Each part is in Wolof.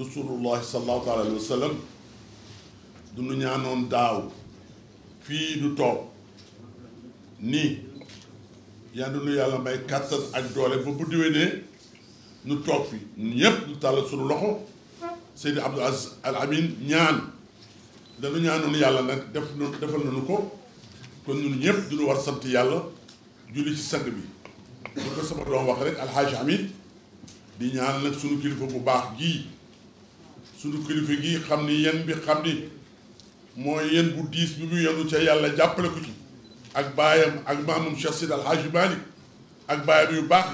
rasulullahi sallallahu taala alayhi wa sallam du nu ñaanoon daaw fii du toog nii yal yàlla may kàttan ak doole ba bu déwénee nu tàll sunu loxo Seydi Abdou Aziz Al yàlla nag def nu ko kon ñun ñëpp duñu war sant yàlla julli ci di ñaan nag sunu kilifa bu baax gii suñu kilifa gi xam ni yéen bi xam ni mooy yéen bu diis bi mu yenu ca yàlla jàppale ko ci ak baayam ak maamam Cheikh Sidi Al Hadj Malick ak baayam yu baax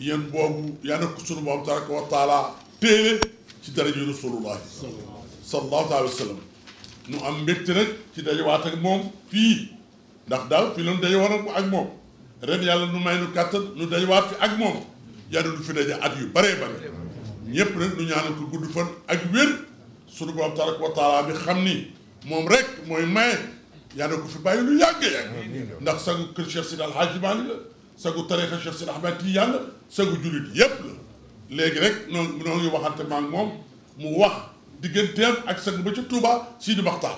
yi yéen boobu yàlla ko suñu moom tabaraka wa taala ci daraja rasulullah sallallahu alayhi wa sallam nu am mbégte ci dajawaat ak moom fii ndax daaw fii la nu dajawoon ak moom ren yàlla nu may nu kàttan nu dajawaat fi ak moom yàlla nu fi daja at yu bëree bëri ñëpp nag lu ñaanal ko gudd fan ak wér su borom tabaaraka wa bi xam ni moom rek mooy maye yàlla ko fi bàyyi lu yàgg yàgg ndax sagu kër Cheikh Sidi El Hadji Malick la sagu tarixa jullit yëpp léegi rek noonu noo ngi waxante ma moom mu wax digganteem ak sagu ba ca Touba Sidi Maxtaar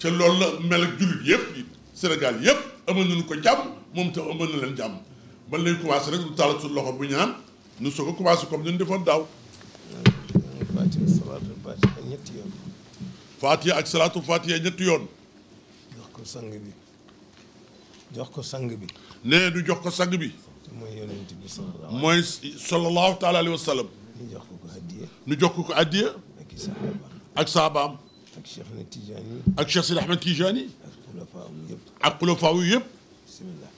ca loolu la mel ak jullit yëpp yi Sénégal yëpp amal nañu ko jàmm moom itam amal na leen jàmm ban lañ commencé rek lu taal suñu loxo bu ñaan nu soog a commencé comme ni ñu defoon daaw Faatiha salaatul Faatiha ñetti yoon. Faatiha ak salaatul Faatiha ñetti yoon. jox ko sang bi. jox ko sang bi. nee du jox ko sang bi. mooy yonent bi sallallahu mooy sallallahu taala alayhi wa sallam. ñu jox ko ko addiya. ñu jox ko ko addiya. ak saabaam ak saabaam. ak Cheikh na Tijaani. ak Cheikh Sidi Ahmed Tijaani. ak xulafaaw yëpp. ak xulafaaw yëpp. bismillah.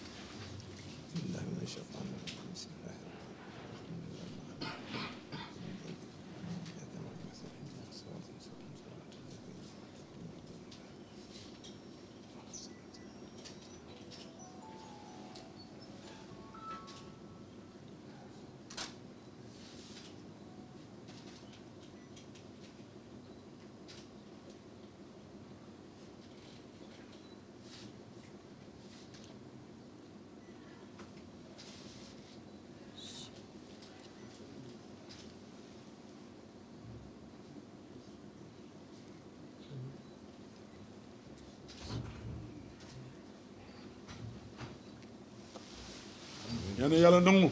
na yàlla nangu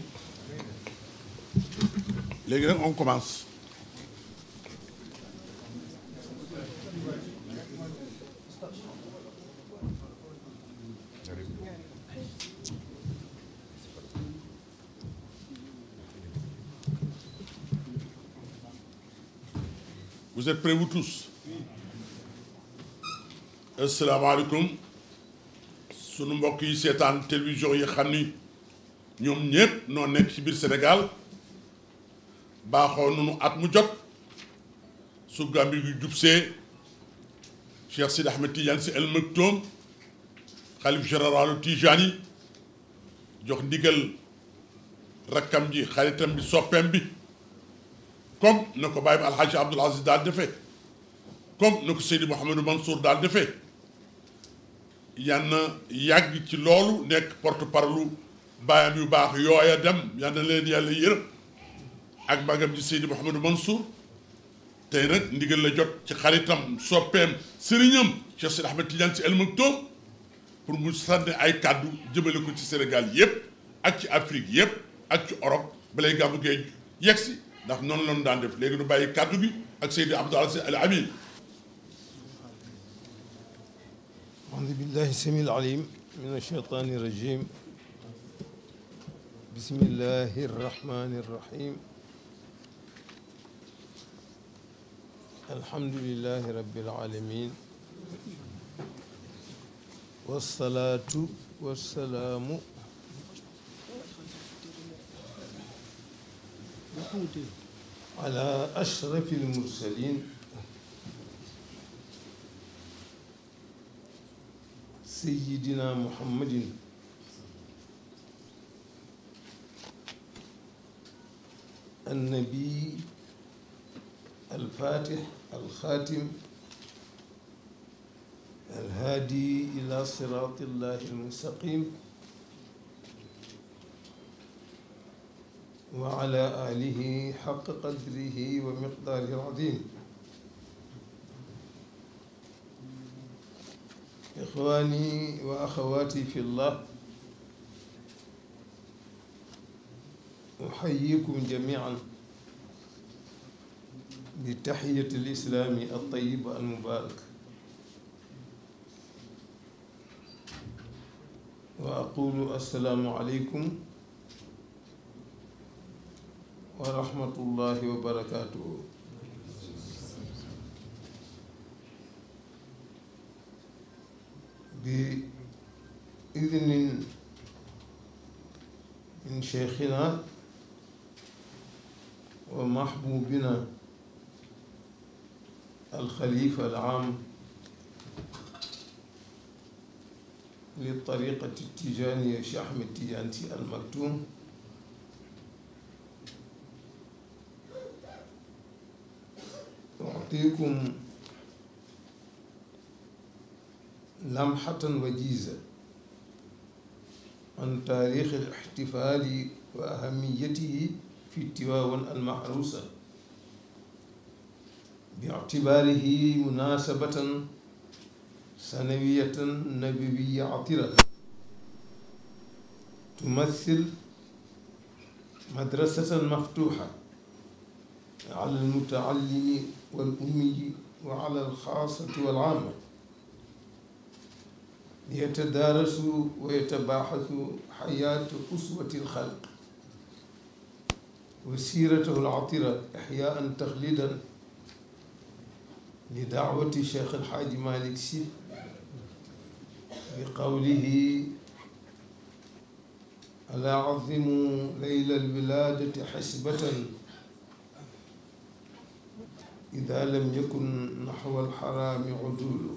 léegi nag on commence vous êtes prêts vous tous asalaamaaleykum sunu mbokk yi seetaan télévision yi xam ni ñoom ñëpp noo nekk ci biir Sénégal baaxoo nunu at mu jot su Gàmbi gu jubsee Cheikh Sidi Ahmed Tidiane Sy Al Maktoum xalif généralu Tijani yi jox ndigal rakkam ji xaritam bi soppeem bi comme na ko bàyyi bi alxaaji Abdoul Aziz daal defee comme na ko Seydi Mouhamadou Mansour daal defee yàlla na yàgg ci loolu nekk porte-parole baayam yu baax yooya dem yal na leen yàlla yërëm ak magam ji Seydi Mouhamadou Mansour tey nag ndigal la jot ci xaritam soppeem sëriñam Cheikh Seydi Ahmed Tidiane Sy Al Maktoum pour mu sànni ay kàddu jëmale ko ci Sénégal yëpp ak ci Afrique yëpp ak ci Europe balay gàmmu gee yegg si ndax noonu la daan def léegi du bàyyi kàddu bi ak Seydi Abdou Aziz Al Amin أعوذ بالله السميع العليم من الشيطان الرجيم bismillahi irrahmani irrahim alhamdulilahi rabbil alamin wassalaatu wassalaamu ala ashrafi almursalin sayidina muhammadin النبي الفاتح الخاتم الهادي إلى صراط الله المستقيم وعلى آله حق قدره ومقداره العظيم إخواني وأخواتي في الله أحييكم جميعا بتحية الإسلام الطيبة المبارك وأقول السلام عليكم ورحمة الله وبركاته بإذن من شيخنا ومحبوبنا الخليفة العام للطريقة التيجانية شيخ أحمد تيجانتي المكتوم أعطيكم لمحة وجيزة عن تاريخ الاحتفال وأهميته fi tiwaawan almahruusa bi ictibaarihi munaasabatan sanawiyatan nabawiya atira tumathil madrasatan maftuuxa ala almutaallimi walummiyi wa ala alxaasati walaama yatadaarasu wa yatabaaxasu xayaatu uswati alxalq wa siiratahu al-atira ihyaan taxlidan li daawati Cheikh El Hadj Malick Sy bi qawlihi alaa azimu layla al-wilaadati xisbatan idaa lam yakun naxwa al-xaraami uduulu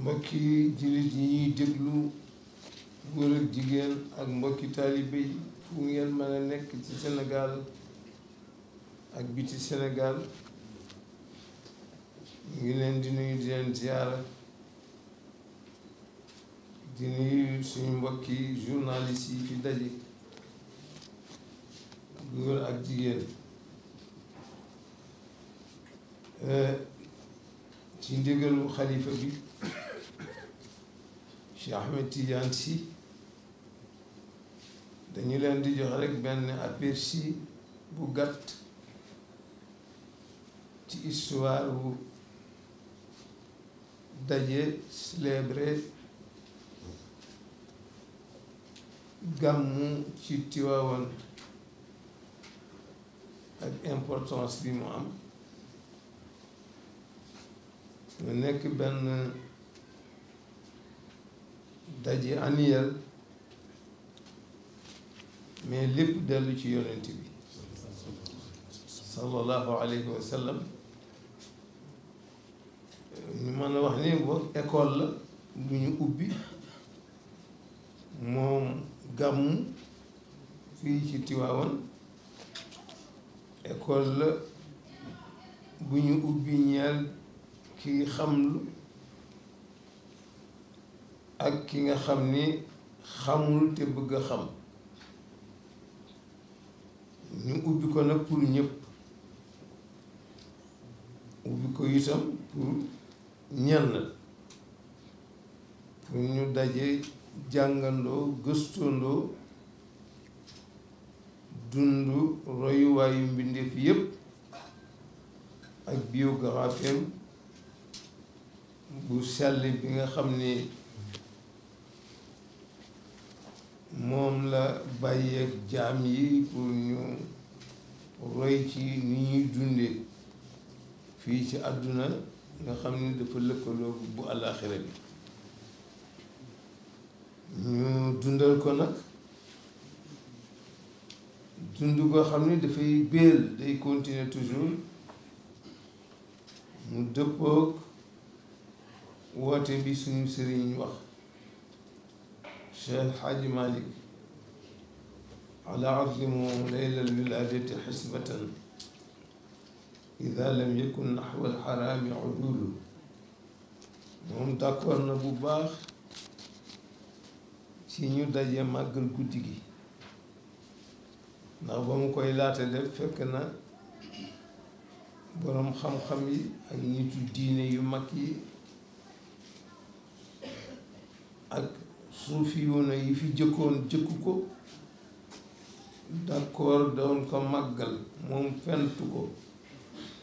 mbokki jullit yi ñuy déglu. góor ak jigéen ak mbokki taalibe yi fu ngeen mën a nekk ci Sénégal ak biti Sénégal mu ngi leen di nuyu di leen ziyaara di nuyu suñu mbokki journaliste yi fi daje góor ak jigéen euh, ci ndigalu xalifa bi Cheikh Ahmed Tidiane dañu leen di jox rek benn aperçu bu gàtt ci histoire bu daje célébré gàmmu ci Tiwaawan ak importance bi mu am mu nekk benn daje annuel mais lépp dellu ci yonent bi sallallahu alayhi wa ñu mën a wax ni ba école la bu ñu ubbi moom gàmmu fii ci Tiwaawan école la bu ñu ubbi ñeel ki xamlu ak ki nga xam ni xamul te bëgg a xam ñu ubbi ko nag pour ñëpp ubbi ko itam pour ñenn pour ñu daje jàngandoo gëstandoo dund royuwaayu mbindeef yépp ak biographie bu sell bi nga xam ne moom la bàyyeeg jaam yi pour ñu roy ci ni ñuy dundee fii ci àdduna nga xam ni dafa lëkkaloo bu àllaaxira bi ñu dundal ko nag dund koo xam ni dafay béel day continuer toujours mu dëppoog woote bi suñu sëriñ wax Cheikh Xaaji Malik ala azimu leylal wilaadati xisbatan ida lam yakun naxwa alxaraami udulu moom d'accord na bu baax ci ñu daje màggal guddi gi ndax ba mu koy laata def fekk na boroom xam-xam yi ak nitu diine yu mag yi suufi yoona yi fi jëkkoon jëkku ko d'accord doon ko màggal moom fentu ko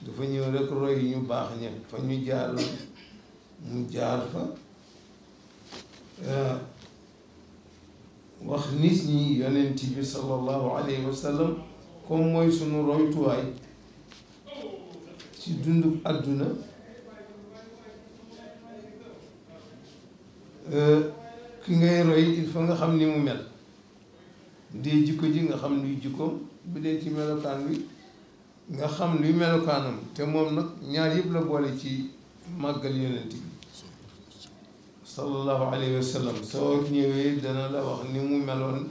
dafa ñëw rek roy ñu baax ña fa ñu jaar mu jaar fa euh, wax nit ñi yonent bi sallallahu alayhi wa comme mooy sunu roytuwaay ci dundu àdduna euh, ki ngay roy il nga xam ni mu mel bu dee jikko ji nga xam luy jikkoom bu dee ci melokaan bi nga xam luy melokaanam te moom nag ñaar yëpp la boole ci màggal yonent bi sallallahu alayhi wa dana la wax ni mu meloon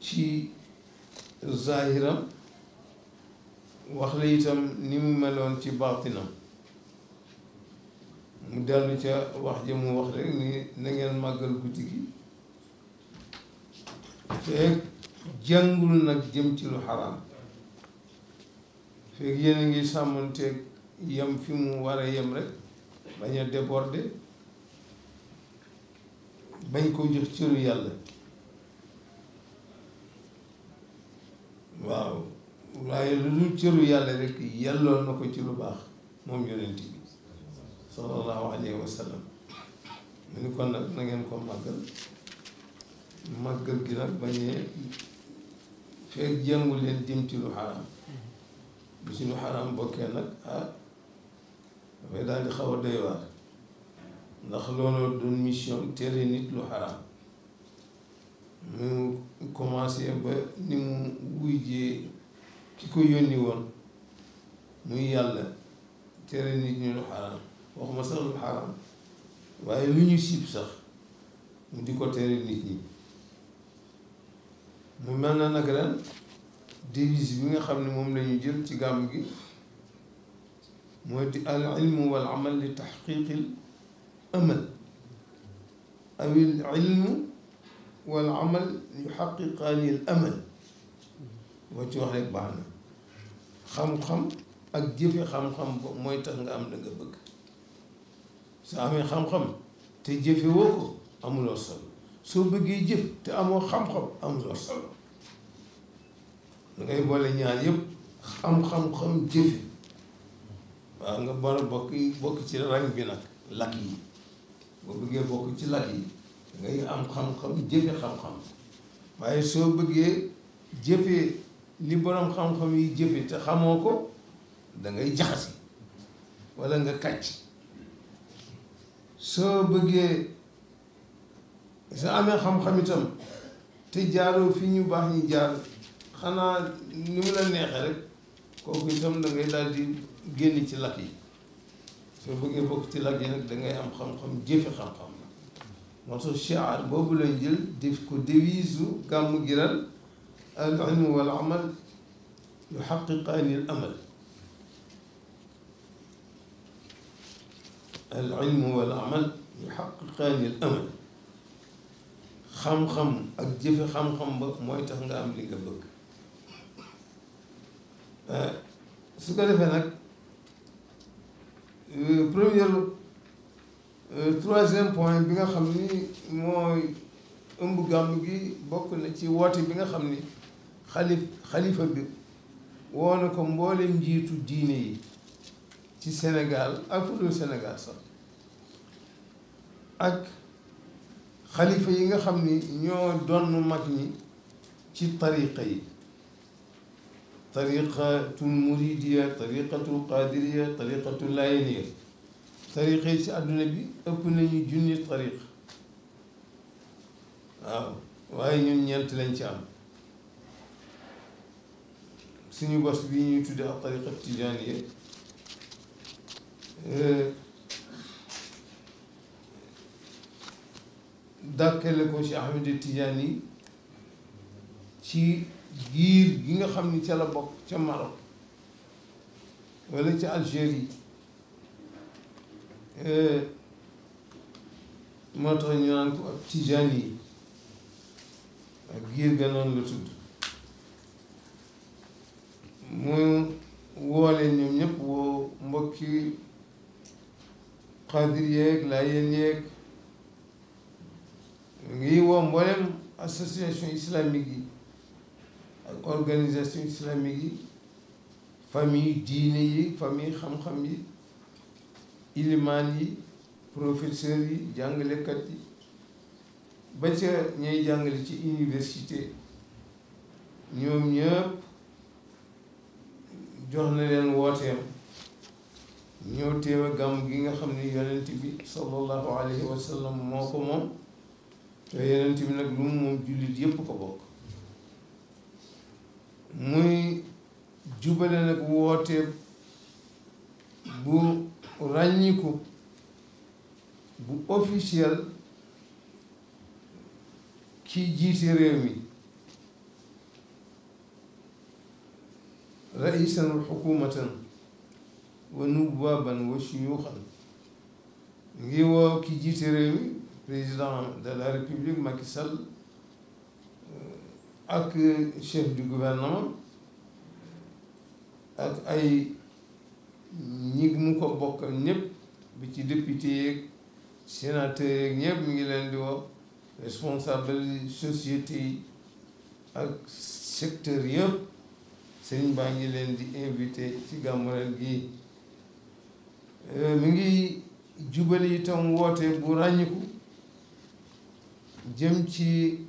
ci zahiram wax la itam ni mu meloon ci baatinam mu dellu ca wax ji wax rek ni na màggal guddi gi feeg jàngul nag jëm ci lu xaraam feeg yéen ngi sàmmanteeg yam fi mu war a yem rek bañ a déborder bañ ko jox cëru yàlla waaw waaye lu dul cëru yàlla rek yelloo na ko ci lu baax moom yonent bi sallallahu alayhi wa sallam mu ni kon nag na ko màggal màggal gi nag bañee feeg jëngu leen dimti lu xaraam bu si lu xaraam bokkee nag ah dafay daal di xaw a doy waar ndax looloo doon mission tere nit lu xaraam mu commencé ba ni mu wuyjee ki ko yónni woon muy yàlla tere nit ñi lu xaraam waxuma sax lu xaram waaye lu ñu siib sax mu di ko tere nit ñi mu mel na nag ren devise bi nga xam ne moom la ñu jël ci gàmm gi mooy di al ilmu wal amal li taxqiqil amal aw il ilmu wal amal yuxaqiqaani al amal boo ci wax rek baax na xam-xam ak jëfe xam-xam mooy tax nga am da nga bëgg soo amee xam-xam te jëfewoo ko amuloo solo soo bëggee jëf te amoo xam-xam amuloo solo da ngay boole ñaar yëpp xam-xam-xam jëfe ci rang bi nag lakk yi boo bëggee bokk ci lakk yi ngay am xam-xam jëfe waaye soo bëggee jëfee li borom xam-xam yi jëfe te xamoo ko dangay ngay walla nga kàcc soo bëggee sa amee xam-xam itam te jaaroo fi ñu baax ñu jaar xanaa ni mu la neexee rek kooku itam da ngay di génn ci làkk yi soo bëggee bokk ci làkk yi nag dangay am xam-xam jëfe xam-xam la moo tax shiar boobu lañ jël def ko devise gàmmu giral al ilmu wal amal yu xaqiqaani al amal alilmu wal amal yuxaqiqaani al amal xam-xam ak jëfe xam-xam ba mooy tax nga am li nga bëgg euh, su ko defee nag euh, première euh, troisième point bi nga xam ni mooy ëmb gàmm gi bokk na ci woote bi nga xam ni xalif xalifa bi woone ko mboole njiitu diine yi ci Sénégal ak fu dul Sénégal sax ak xalifa yi nga xam ni ñoo donn mag ñi ci tariqa yi tariqatul muridiya tariqatul qadiriya tariqatul layeniya tariqa yi ci àdduna bi ëpp nañu junni tariqa waaw waaye ñun ñeent lañ ci am suñu bos bi ñuy tudde ak tariqa tijaaniya Euh, dàkkale ko Cheikh Ahmed Tidiane yi ci giir gi nga xam ni ca la bokk ca Maroc wala ca Algérie euh, moo tax ñu naan ko ab Tidiane yi ak giir ga noonu la tudd mu woo ñoom ñëpp woo mbokki xaadir yeeg laayeen yeeg ngi woo mboolem association islamique yi ak organisation islamique yi famille diine yi famille xam-xam yi ilimaan yi professeur yi jàngalekat yi ba ca jàngale ci université ñoom ñëpp jox na leen wooteem ñëw teewe gàmm gi nga xam ne yonent bi sallallahu alayhi wa moo ko moom te yonent bi nag lu mu moom jullit yépp ko bokk muy jubale nag woote bu ràññiku bu officiel ci jiite réew mi raïsan xukumatan wa nubaaban wa suyuuxan ñu ngi woo ki jiite réew mi président de la république Macky Sall euh, ak chef du gouvernement ak ay ñi mu ko bokkal ñëpp bi ci député yeeg sénateur yeeg ñëpp ngi leen di woo responsable société yi ak secteur yëpp sëriñ baa ngi leen di invité ci gàmmu gi Euh, mi ngi jubali itam woote bu ràññiku jëm ci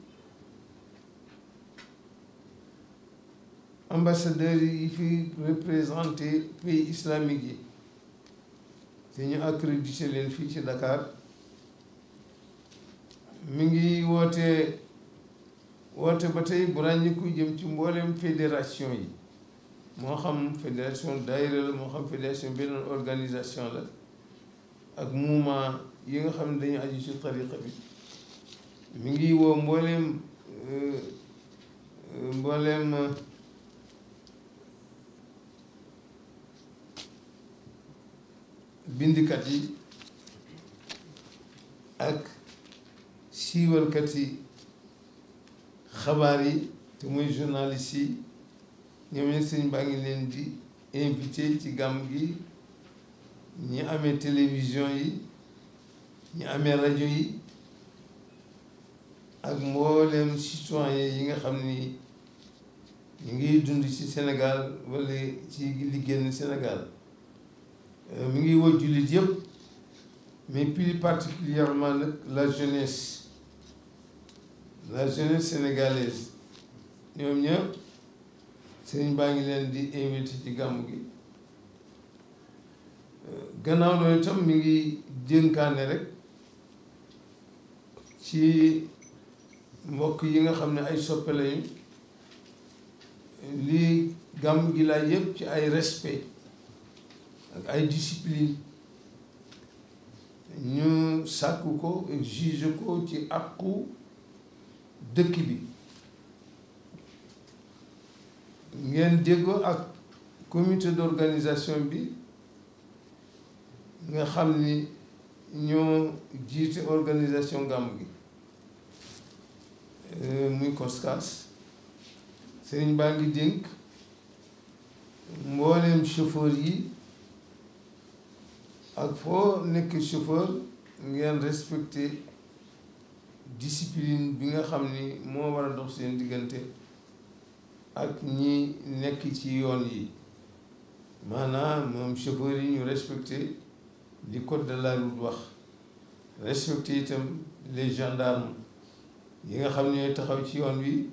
ambassadeurs yi fi représenté pays islamique yi te ñu accrédité leen fii ci Dakar mi ngi woote woote ba tey bu ràññiku jëm ci mboolem fédération yi moo xam fédération daayira la moo xam fédération beneen organisation la ak mouvement yi nga xam ne dañu aju ci tariqa bi mi ngi woo mbooleem euh, mbooleem euh, bindikat yi ak siiwalkat yi xabaar yi te muy journaliste yi ñoom it sëñ baa ngi leen di invité ci gàmm gi ñi amee télévision yi ñi amee rajo yi ak mbooleem citoyen yi nga xam ni ñu ngi dund ci Sénégal wala ci li génn Sénégal euh, mi ngi woo jullit yëpp mais plus particulièrement nag la jeunesse la jeunesse sénégalaise ñoom ñëpp sëriñ baa ngi leen di invité ci gàmmu gi gannaaw loolu itam mi ngi dénkaane rek ci mbokk yi nga xam ne ay soppe lañu lii gàmm gi laaj yëpp ci ay respect ak ay discipline ñu sàkku ko exige ko ci àqu dëkk bi ngeen déggoo ak comité d'organisation bi nga xam ni ñoo jiite organisation gàmm gi euh, muy koskaas sëriñ baa ngi dénk mbooleem chauffeur yi ak foo nekk chauffeur ngeen respecté discipline bi nga xam ni moo war a dox seen diggante ak ñi nekk ci yoon yi maanaa moom chauffeur yi ñu respecté li code de la route wax respecte itam les gendarmes yi nga xam ñooy taxaw ci yoon wi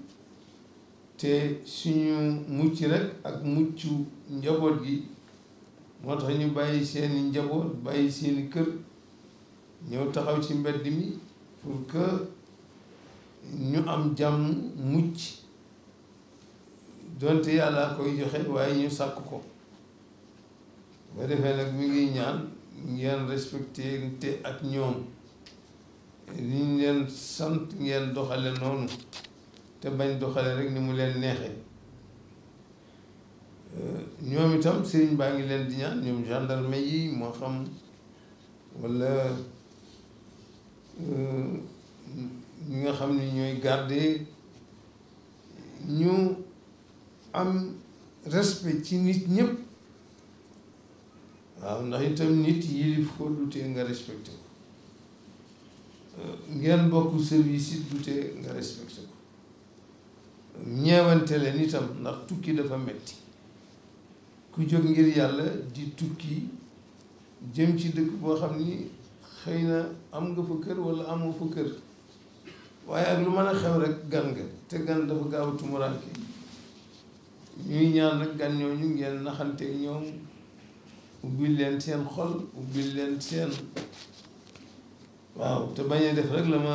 te suñu mucc rek ak mucc njaboot gi moo tax ñu bàyyi seeni njaboot bàyyi seeni kër ñëw taxaw ci mbedd mi pour que ñu am jàmm mucc donte yàlla koy joxe waaye ñu sàkk ko ba defee nag mi ngi ñaan ngeen respecté te ak ñoom li ñu leen sant ngeen doxale noonu te bañ doxale rek ni mu leen neexee ñoom itam sëriñ baa ngi leen di ñaan ñoom gendarme yi moo xam walla euh, ñi nga xam ni ñooy garde ñu am respect ci nit ñépp waaw ndax itam nit yilif ko dutee nga respecté ko euh, ngeen bokk service yi dutee nga respecté ko ñeewante leen itam ndax tukki dafa metti ku jóg ngir yàlla di tukki jëm ci dëkk boo xam ni xëy na am nga fa kër walla amoo fa kër waaye ak lu mën a xew rek gan nga te gan dafa gaaw tumuraanke ñuy ñaan rek gan ñooñu ngeen naxante ñoom ubbil leen seen xol ubbil leen seen waaw te bañ a def rek la ma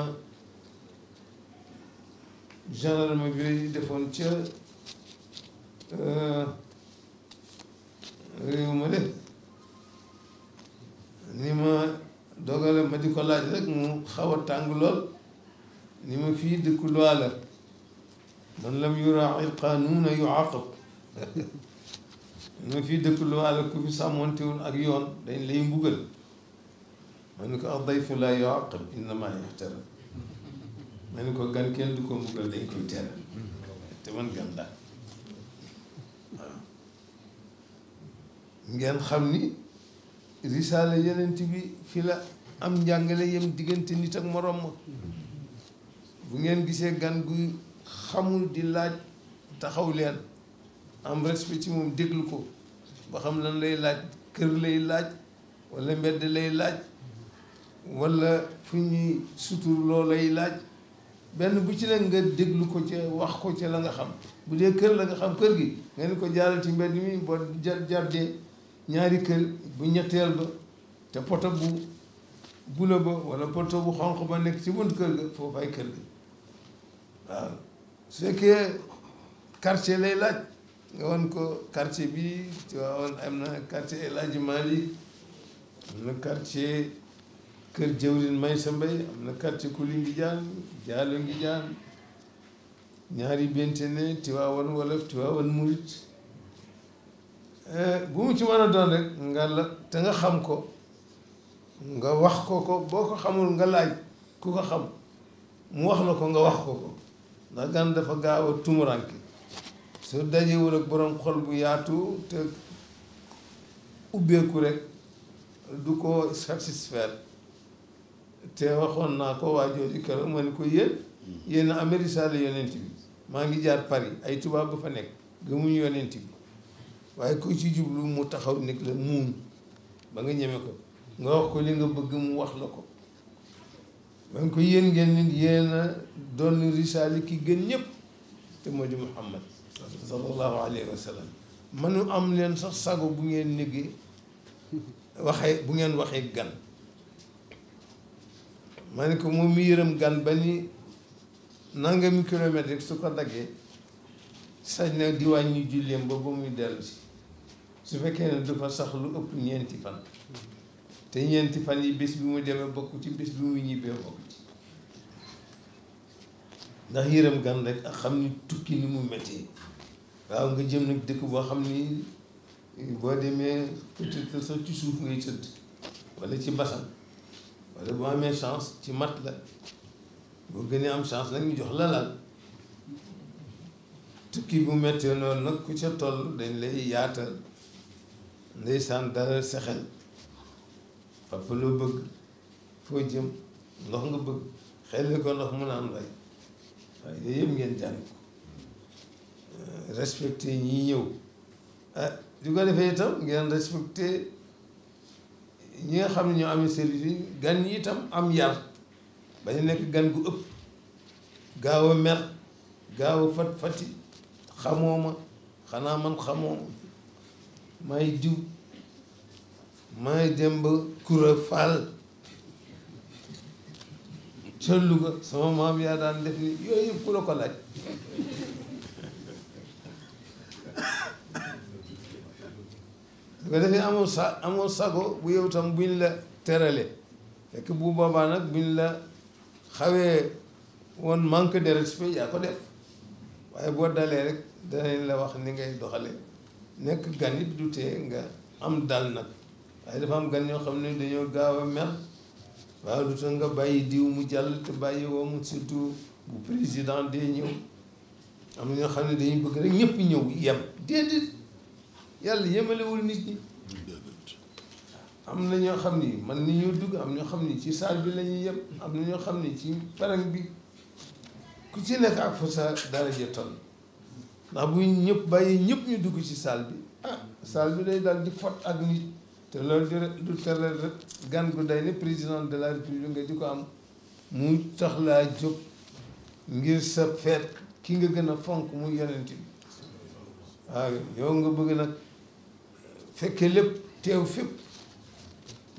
gendarme bi defoon ca euh, réew ma de ni ma dogale ma di ko laaj rek mu xaw a tàng lool ni ma fii dëkku loi man lam yuraa il qaanuuna yu àqab ñu fii dëkk lu wàll ku fi sàmmoontewul ak yoon dañ lay mbugal ma ni ko ak dayfu laa yu àqab innamaa yuxtaram ma ni ko gan kenn du ko te man gan laa waaw ngeen xam ni risaala yenent bi fi la am njàngale yem diggante nit ak morom ma mm-hmm. bu ngeen gisee gan guy xamul di laaj taxaw leen am respect ci moom déglu ko ba xam lan lay laaj kër lay laaj walla mbedd lay laaj walla fu ñuy sutur loo lay laaj benn bu ci nekk nga déglu ko ca wax ko ca la nga xam bu dee kër la nga xam kër gi nga ne ko jaaral ci mbedd mi boo jardee ñaari kër bu ñetteel ba te poto bu bula ba walla poto bu xonq ba nekk ci bunt kër ga foofu ay kër ga waaw su fekkee quartier lay laaj nga wan ko quartier bi ci waawoon am na quartier El Hadji Malick am na quartier kër jëwrin may sa mbay am na quartier kuli ngi jaan jaalo ngi jaan ñaari bentene tiwaawan wolof tiwaawan murit eh, bu mu ci mën a doon rek nga la te nga xam ko nga wax ko ko boo ko xamul nga laaj ku ko xam mu wax la ko nga wax ko ko ndax gan dafa gaaw a tumuranke su dajewul ak borom xol bu yaatu te ubbeeku rek du ko satisfaire te waxoon naa ko waa jooju keroog ma ko yéen yéen amee risaale yonent bi maa ngi jaar Paris ay tubaab ba fa nekk gëmuñu yonent bi waaye ku ci jublu mu taxaw nekk la muum ba nga ñeme ko nga wax ko li nga bëgg mu wax la ko man ko yéen ngeen nit yéen a doon risaali ki gën ñëpp te moo di muhammad sallallahu alayhi wa am leen sax sago bu ngeen néggee waxee bu ngeen waxee gan ma ne ko moom yërëm gan ba ni nangami kilomètre rek su ko daggee sañ na di wàññi julleem ba ba muy dellusi su fekkee ne du fa sax lu ëpp ñeenti fan te ñeenti fan yi bis bi mu demee bokk ci bis bi mu ñibbee bokk ndax yërëm gan rek ak xam ni tukki ni mu métti waaw nga jëm nag dëkk boo xam ni boo demee peut-être sax ci suuf ngay tëdd walla ci basal walla boo amee chance ci mat la boo gënee am chance nag ñu jox la laal tukki bu méttee noonu nag ku ca toll dañ lay yaatal ndeysaan dalal sa xel papa loo bëgg foo jëm ndox nga bëgg xel li ko ndox mu naan waay waaye yëpp ngeen jàng ko respecté ñi ñëw ah ko defee itam ngeen respecté ñi nga xam ne ñoo amee service gan ñi itam am yar bañ nekk gan gu ëpp gaaw a mer gaaw a fat fati xamoo ma xanaa man xamoo ma may diw may dem ba kura faal ca Louga sama maam yaa daan def ni yooyu ku la ko laaj su ko defee amoo sa amoo sago bu yow tam buñ la terale fekk bu boobaa nag buñ la xawee woon mànk de respect yaa ko def waaye boo dalee rek danañ la wax ni ngay doxale nekk gan it du tee nga am dal nag waaye dafa am gan ñoo xam ne dañoo gaaw a waaw lu tax nga bàyyi diw mu jàll te bàyyi woo mu surtout bu président dee ñëw am na ñoo xam ne dañuy bëgg rek ñëpp ñëw yem déedéet yàlla yemalewul nit ñi am na ñoo xam ni man ni ñoo dugg am ñoo xam ni ci saal bi lañuy yem am na ñoo xam ne ci parang bi ku ci nekk ak fa sa daraja toll ndax bu ñëpp bàyyi ñëpp ñu dugg ci saal bi ah saal bi day daal di fot ak nit te loolu di du tereel rek gan gu day ni président de la république nga di ko am mu tax laa jóg ngir sa feet ki nga gën a fonk mu yonent bi waaw yow nga bëgg nag fekke lépp teew fépp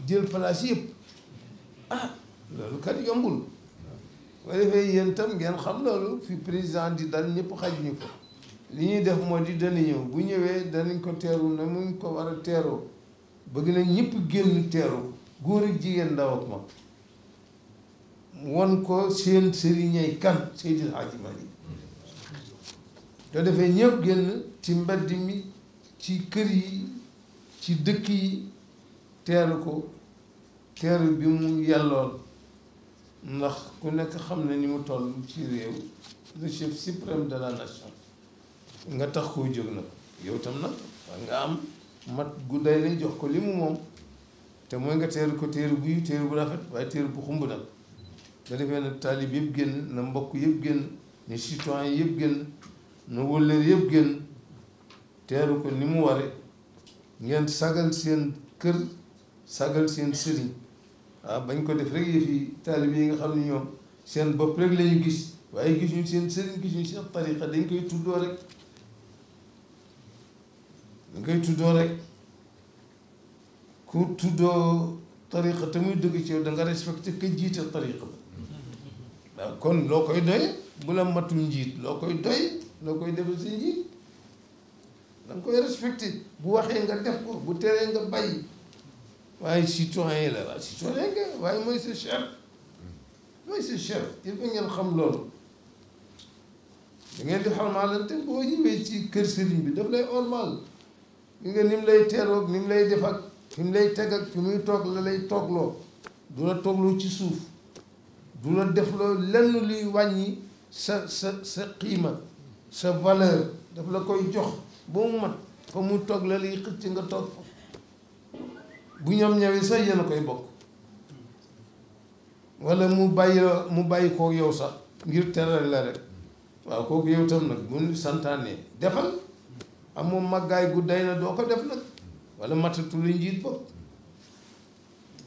jël place yëpp ah loolu kat yombul boo defee yéen tam ngeen xam loolu fi président di dal ñëpp xaj ñu ko li ñuy def moo di dana ñëw bu ñëwee danañ ko teeru mu muñ ko war a teeroo bëgg nañ ñëpp génn teeru góor ak jigéen ndaw ak mag won ko seen sëriñay kan Seydil Hadji Malick doo defee ñëpp génn ci mbedd mi ci kër yi ci dëkk yi teeru ko teeru bi mu yelloon ndax ku nekk xam ne ni mu toll ci réew le chef suprême de la nation nga tax koo jóg na yow tam nag nga am mat gu doy lañ jox ko li mu moom te mooy nga teeru ko teeru buy teeru bu rafet waaye teeru bu xumb nag nga defee na taalib yëpp génn na mbokk yëpp génn na citoyen yëpp génn na wëllër yëpp génn teeru ko ni mu ware ngeen sagal seen kër sagal seen sëriñ waaw ah, bañ ko def rek yëf yi taalib yi nga xam ne ñoom seen bopp rek lañu gis waaye gisuñu seen sëriñ gisuñu seen tariqa dañ koy tuddoo rek da ngay tuddoo rek ku tuddoo tariqa te muy dëgg ci yow da nga ka jiite tariqa ba mm-hmm. kon loo koy doy bu la matul njiit loo koy doy loo koy defal si njiit da koy respecté bu waxee nga def ko bu teree nga bàyyi waaye citoyen la waaye citoyen waaye mooy sa chef mm-hmm. mooy sa chef il faut ngeen xam loolu da ngeen di xormaalante boo ñëwee ci kër sëriñ bi daf lay ormal li nga nim mu lay teeroog ni mu lay def ak fi mu lay teg fi muy toog la lay toogloo du la toogloo ci suuf du la defloo lenn luy wàññi sa sa sa xiima sa valeur daf la koy jox ba mu mat fa mu toog la lay xëcc nga toog fa bu ñoom ñëwee sax yéen a koy bokk walla mu bàyyi mu bàyyi koo yow sax ngir teral la rek waaw kooku yow tam nag bu santaanee defal amoon màggaay gu day na doo ko def nag wala matatu lu njiit ba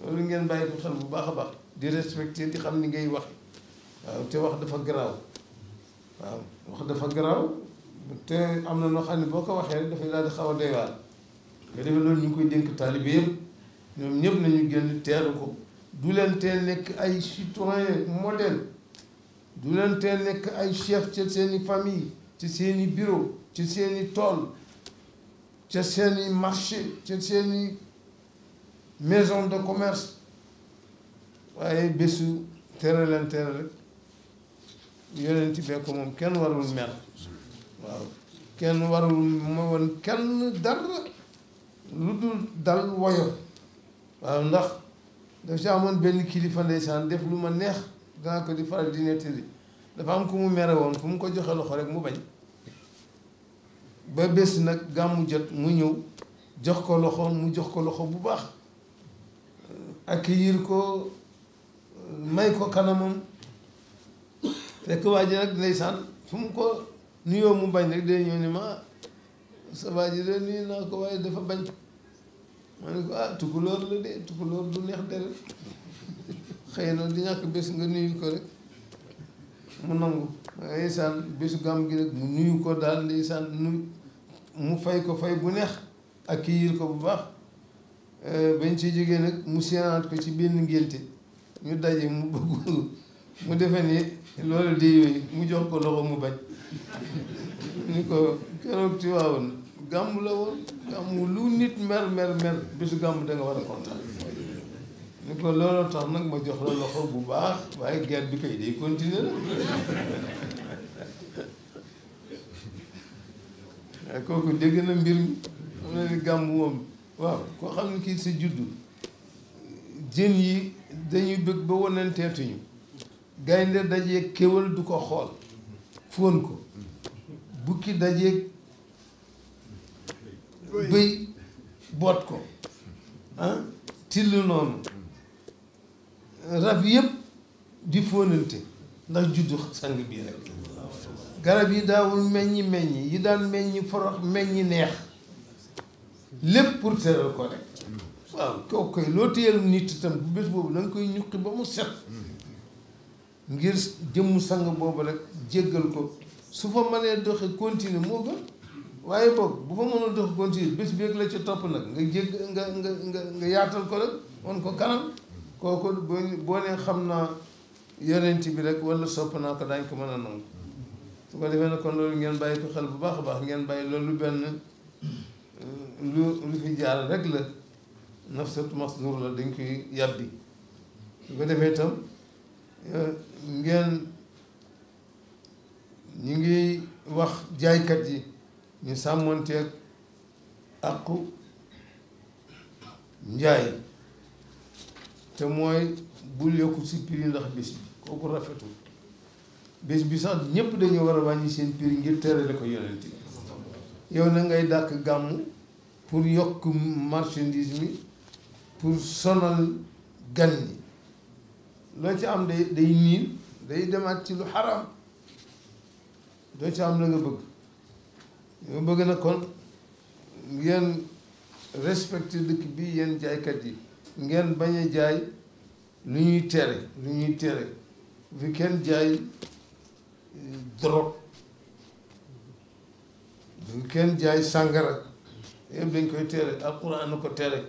loolu ngeen bàyyi ko xel bu baax a baax di respecté di xam ni ngay wax waaw te wax dafa garaw waaw wax dafa garaaw te am na loo xam ne boo ko waxee rek dafay daal di xaw a doy waar nga defee loolu ñu koy dénk taalibe ñoom ñëpp nañu génn teeru ko du leen tee nekk ay citoyen modèle du leen tee nekk ay chef ci seen i famille ci seen i bureau ci seeni tool ca seeni marché ca seeni maison de commerce waaye bésu tere leen tere rek yonenti bee moom kenn warul mer waaw kenn warul ma woon kenn dara lu dul dal woyo waaw ndax daf ci amoon benn kilifa ndeysaan def lu ma neex danaa ko di faral di nettali dafa am ku mu mere woon fu mu ko joxe loxo rek mu bañ ba bés nag gàmmu jot mu ñëw jox ko loxo mu jox ko loxo bu baax ak accueillir ko may ko kanamam fekk waa ji nag ndeysaan fu mu ko nuyoo mu bañ rek day ñëw ni ma sa waa de nuyu naa ko waaye dafa bañ ma ne ko ah tukulóor la de tukulóor du neex dere xëy na di ñàkk bés nga nuyu ko rek mu nangu ndeysaan bésu gàmm gi nag mu nuyu ko daal ndeysaan nuyu mu fay ko fay bu neex ak kii yil ko bu baax euh, bañ ci jigéen nag mu séenaat ko ci benn ngénte ñu daje mu bëgg mu defe ni loolu di yooyu mu jox ko loxo mu bañ ni ko keroog ci waawoon gàmm la woon gàmm lu nit mer mer mer bisu gàmm da nga war a kontaan ni ko looloo tax nag ma jox la loxo bu baax waaye gerte bi koy day continuer waaw eh, kooku dégg na mbir mi xam na ne gàmmu moom waaw koo xam ne kii sa juddu jën yi dañuy bëgg ba wananteetuñu gaynde dajee kéwal du ko xool fóon ko bukki dajee bëy boot ko ah till noonu rab yëpp di fóonante ndax juddu sang bii rek garab yi daawul meññi meññi yi daan meññi forox meññi neex lépp pour teral ko rek waaw kooku koy loo téyal nit itam bu bés boobu na koy ñuqi ba mu set ngir jëmm sang boobu rek jéggal ko su fa mënee doxi continuer moo gën waaye boobu bu fa mënul dox continuer bés bi rek la ca topp nag nga jégg nga nga nga nga yaatal ko rek on ko kanam kooku boo boo xam naa yonent bi rek wala sopp naa ko daañ ko mën a nangu su ko defee nag kon loolu ngeen bàyyi ko bu baax baax ngeen bàyyi loolu benn euh, lu lu fi jaar rek la nafsat masdur la dañ koy yàbbi su ko defee itam euh, ngeen ñu ngi wax jaaykat yi ñu sàmmonteeg àqu njaay te mooy bul yokku si prix ndax bis bi kooku rafetul bés bi sax ñëpp dañu war a wàññi seen piir ngir terale ko yonent bi yow na ngay dàq gàmm pour yokk marchandise mi pour sonal gan ñi loo ci am day day niil day demaat ci lu xaraam doo ci am la nga bëgg nga bëgg na kon ngeen respecte dëkk bi yéen jaaykat yi ngeen bañ a jaay lu ñuy tere lu ñuy tere bu kenn jaay drogue bu kenn jaay sàngara yëpp dañ koy tere alquran ko tere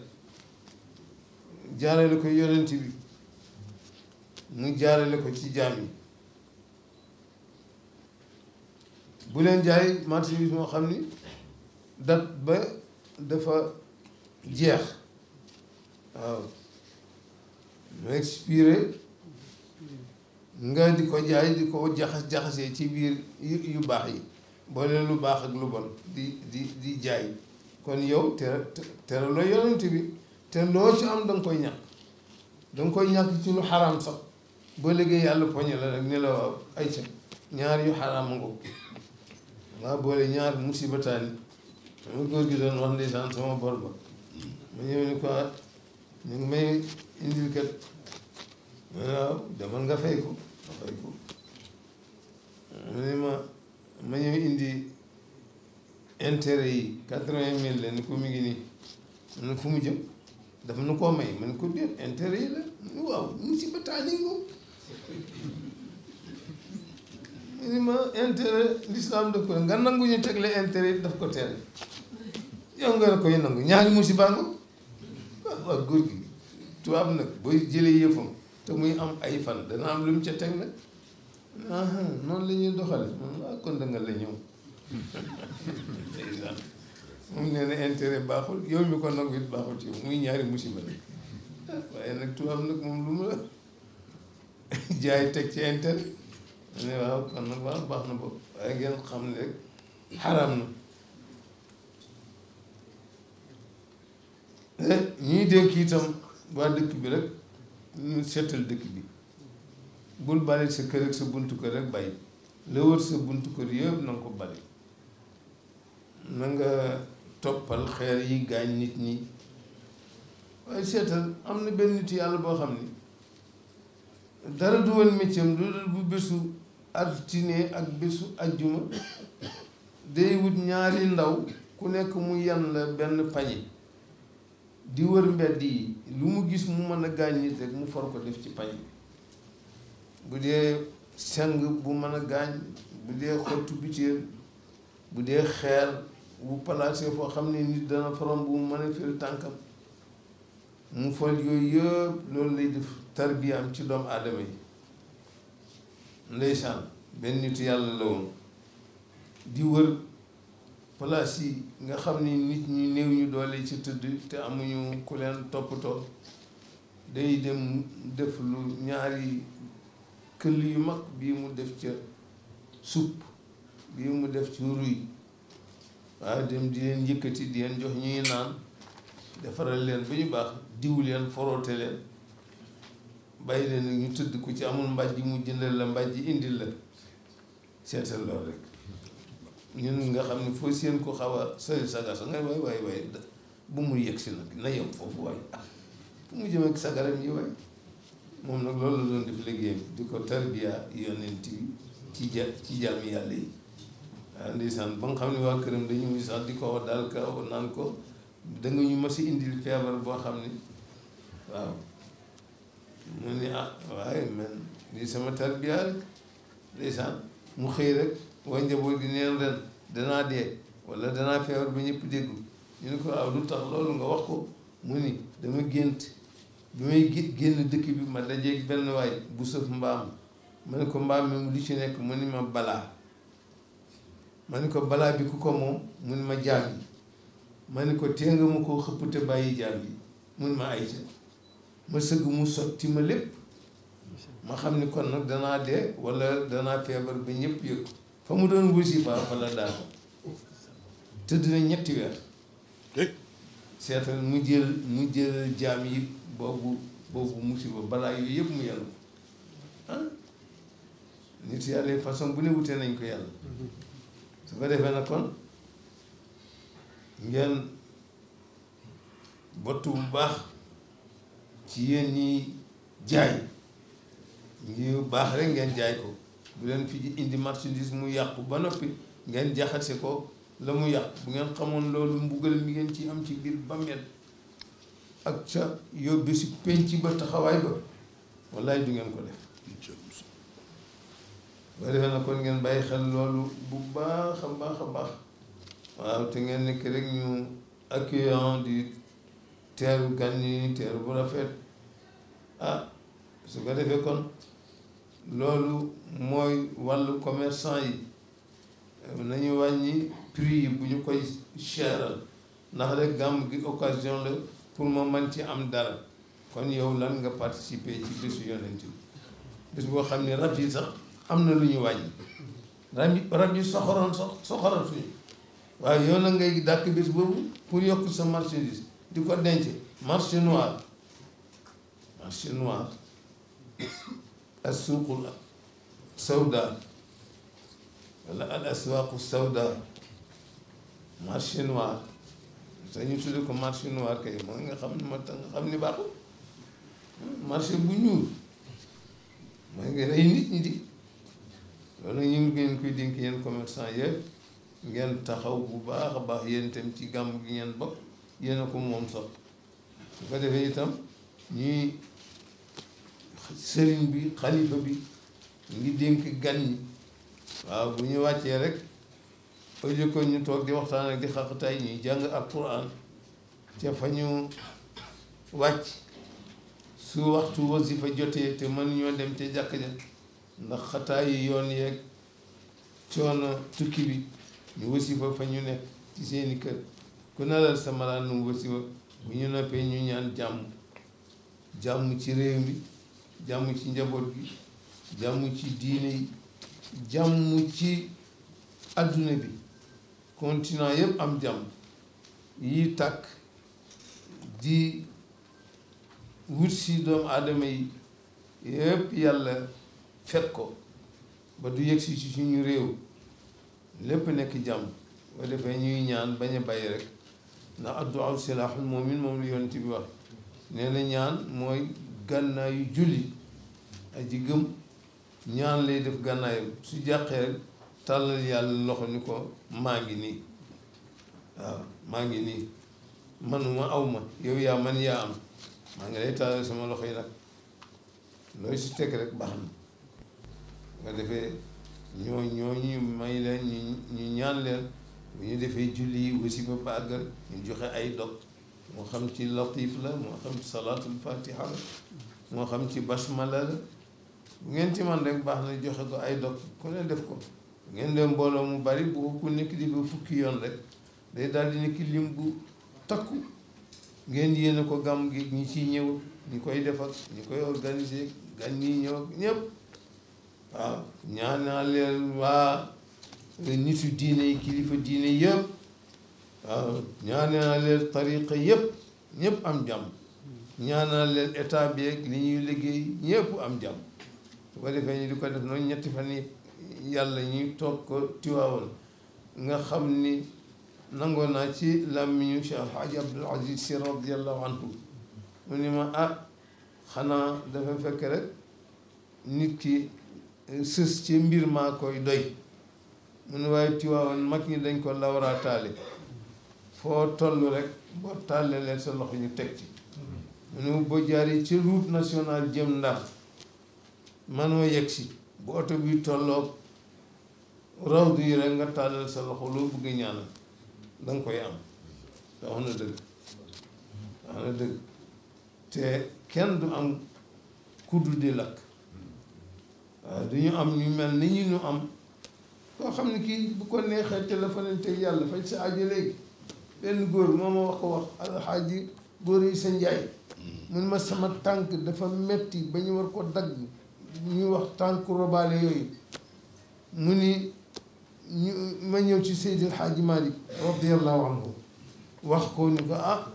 jaarale ko yonent bi mu jaarale ko ci jaam yi bu leen jaay marchandise moo xam ni dat ba dafa jeex waaw mu expiré nga di ko jaay di ko jaxas jaxasee ci biir yu baax yi boole lu baax ak lu bon di di di jaay kon yow tere tere loo yonent bi te loo si am danga koy ñàkk danga koy ñàkk ci lu xaraam sax boo liggéey yàlla poñe la rek ne la waaw ay ca ñaar yu xaraam nga waaw boole ñaar musibataani sama góor gi doon wax ndeysaan sama bor ba ma ñëw ni ko ah, ñu ngi may indil kat ma ne waaw demal nga fay ko nga fay ko mu ma ma ñëw indi intérêt yi quatre-vingt mille la ni ko mu ngi nii mu ne fu mu jëm dafa nu koo may man ko déet intérêt yi la mu waaw mu si ma intérêt l'islam daf ko nga nangu ñu tegle intérêt yi daf ko teel yow nga koy nangu ñaari musiba nga waaw góor gi tubaab nag booy jëlee yëfam te muy am ay fan dana am lu ca teg nag aha noonu la ñuy doxale moom waa kon da nga la ñëw moom nee na intérêt baaxul yow mi ko nangu it baaxul ci yow muy ñaari musiba la waaye nag am nag moom lum mu la jaay teg ci intérêt ne waaw kon nag waaw baax na bopp waaye ngeen xam ne rek xaraam na eh, ñuy dénk itam waa dëkk bi rek ñu seetal dëkk bi bul bari sa kër ak sa buntu kër rek bàyyi la wër sa buntu kër yëpp na nga ko bale na toppal xeer yi gaañ nit ñi waaye seetal am na benn nit yàlla boo xam ne dara du woon métier lu dul bu bésu altine ak bésu ajjuma day wut ñaari ndaw ku nekk mu yan benn pañe di wër mbedd yi lu mu gis mu mën a gaañ nit rek mu for ko def ci pañ bu dee seng bu mën a gaañ bu dee xottu butéel bu dee xeer bu placé foo xam ne nit dana forom bu mu mën a firi tànkam mu fol yooyu yëpp loolu lay def tarbiyaam ci doomu aadama yi ndeysaan benn nitu yàlla la woon di wër place yi nga xam ni nit ñi néew ñu doole ci tëdd te amuñu ku leen toppatoo day dem def lu ñaari këll yu mag bii mu def ca supp bii mu def ci ruy waaw dem di leen yëkkati di leen jox ñuy naan defaral leen ba ñu baax diw leen foroote leen bàyyi leen ñu tëdd ko ci amul mbàjj mu jëndal la mbàjj indil la seetal loolu rek ñun nga xam ne foo seen ko xaw a sori sagasa nga waay bu mu yegg si nag na yem foofu waay ah fu mu jëm sagaram yi waay moom nag loolu la doon def liggéeyam di ko tarbiya yonent ci ja ci jàmm yàlla yi waaw ah, ndeysaan ba nga xam ne waa këram dañu muy sax di ko wax daal ka naan ko danga ñu mas a indil feebar boo xam ne waaw mu ni ah waaye man lii sama tarbiya rek ndeysaan mu xëy rek mooy njaboot bi neen ren danaa dee wala danaa feebar ba ñépp déggu ñu ne ko waaw lu tax loolu nga wax ko mu ni dama gént bi may gét génn dëkk bi ma dajeeg benn waay bu sëf mbaam ma ne ko mbaam mi lu ci nekk mu ni ma balaa ma ni ko balaa bi ku ko moom mu ni ma jaam yi ma ne ko tee nga ma koo xëpp te bàyyi jaam yi mun ma ay ca ma sëgg mu sotti ma lépp ma xam ni kon nag danaa dee wala danaa feebar ba ñépp yëg fa mu doon wusi fa fa la daal tëdd na ñetti weer seetal mu jël mu jël jaam yi boobu boobu musiba balaa yooyu yëpp mu yàlla ah nit yàlla façon bu ne wutee nañ ko yàlla su ko defee nag kon ngeen bottu bu baax ci yéen ñi jaay ngi baax rek ngeen jaay ko bu leen fi indi marchandise mu yàqu ba noppi ngeen jaxase ko la mu yàqu bu ngeen xamoon loolu mbugal mi ngeen ci am ci biir bàmmeel ak ca yóbbi si penc ba taxawaay ba wallaay du ngeen ko def ba defee na kon ngeen bàyyi xel loolu bu baax a baax a baax waaw te ngeen nekk rek ñu accueillant di teeru gan yi teeru bu rafet ah su ko defee kon loolu mooy wàllu commerçant yi nañu wàññi prix yi bu ñu koy cheral ndax rek gàmm gi occasion la pour ma man ci am dara kon yow lan nga participer ci bésu yonent bi bés boo xam ne rab yi sax am na lu ñu wàññi rab yi rab yi soxoroon sox soxoratuñu waaye yow ngay dàkk bis boobu pour yokk sa marchandise di ko denc marché noir marché assuuqu sawda wala al aswaaqu sawda marché noir te ñu tudde ko marché noir kay mooy nga xam ne moo tax nga xam ni baaxul marché bu ñuul mooy nga rey nit ñi loolu ñu ngi ngeen koy dénk yéen commerçant yëpp ngeen taxaw bu baax a baax yéen itam ci gàmm gi ngeen bokk yéen ko moom sax su ko defee itam ñuy sëriñ bi xalifa bi ñu ngi dénk gan ñi waaw bu ñu wàccee rek au jëkkoon ñu toog di waxtaan ak di xaqtaay ñuy jàng al quran te fa ñu wàcc su waxtu wasifa jotee te mën ñoo dem ca jàkk ja ndax xataay yoon yeeg coono tukki bi ñu wasifa fa ñu nekk ci seeni kër ku nalal sa malaan nu wasifa bu ñu noppee ñu ñaan jàmm jàmm ci réew mi jàmm ci njaboot bi jàmm ci diine yi jàmm ci adduna bi continent yëpp am jàmm yi takk di wut si doomu aadama yi yëpp yàlla fet ko ba du yegsi ci suñu réew lépp nekk jàmm boo defee ñuy ñaan bañ a bàyyi rek ndax addu aw silaaxul moom it moom lu yonent bi wax nee ñaan mooy gànnaayu jullit aji gëm ñaan lay def gànnaayam su jàqee rek tàllal yàlla loxo ni ko maa ngi nii waaw maa ngi nii manuma aw ma yow yaa man yaa am maa ngi lay tàllal suma loxo yi nag looy su teg rek baax na nga defee ñoo ñooñu may leen ñu ñaan leen bu ñu defee julli yi aussi ba ñu joxe ay dog moo xam ci latif la moo xam salaatul fatiha la moo xam ci basmala la bu ngeen ci man rek baax na joxe ko ay dog ku ne def ko ngeen dem mbooloo mu bari bu ko nekk di ko fukki yoon rek day daal di nekk lim bu takku ngeen yéene ko gàmm gi ñu ciy ñëw ñi koy def ak ñi koy organiser gan ñi ñëw ak ñëpp waaw ñaanaa leen waa nitu diine yi kilifa diine yëpp waaw ñaanaa leen tariqa yëpp ñëpp am jàmm ñaanal leen état bi ak li ñuy liggéey ñëpp am jàmm su ko di ko def noonu ñetti fan yi yàlla ñuy toog ko tiwaawal nga xam ni nangoon naa ci làmmiñu Cheikh Alhaji Abdoul Aziz Sy radiallahu anhu ni ma ah xanaa dafa fekk rek nit ki eh, sës ci mbir maa koy doy mu ne waaye tiwaawal mag ñi dañ ko lawraataale foo toll rek boo tàllee leen sa loxo ñu teg ci nu ba jaari ci route nationale jëm man manoo yegg si bu oto bi tolloog raw du yi rek nga tàllal sa loxo loo bëgg ñaanal danga koy am wax na dëgg wax na dëgg te kenn du am kuddu di lakk waaw du ñu am ñu mel ni ñu ñu am koo xam ne kii bu ko neexee téléphone te yàlla faj sa aajo léegi benn góor moo ma wax ko wax alxaaji góor yi sa njaay mun ma sama tànk dafa metti ba ñu war ko dagg ñuy wax tànk robaale yooyu mu ni ñu ma ñëw ci Seydil Hadji Malick radiallahu anhu wax ko ni ko ah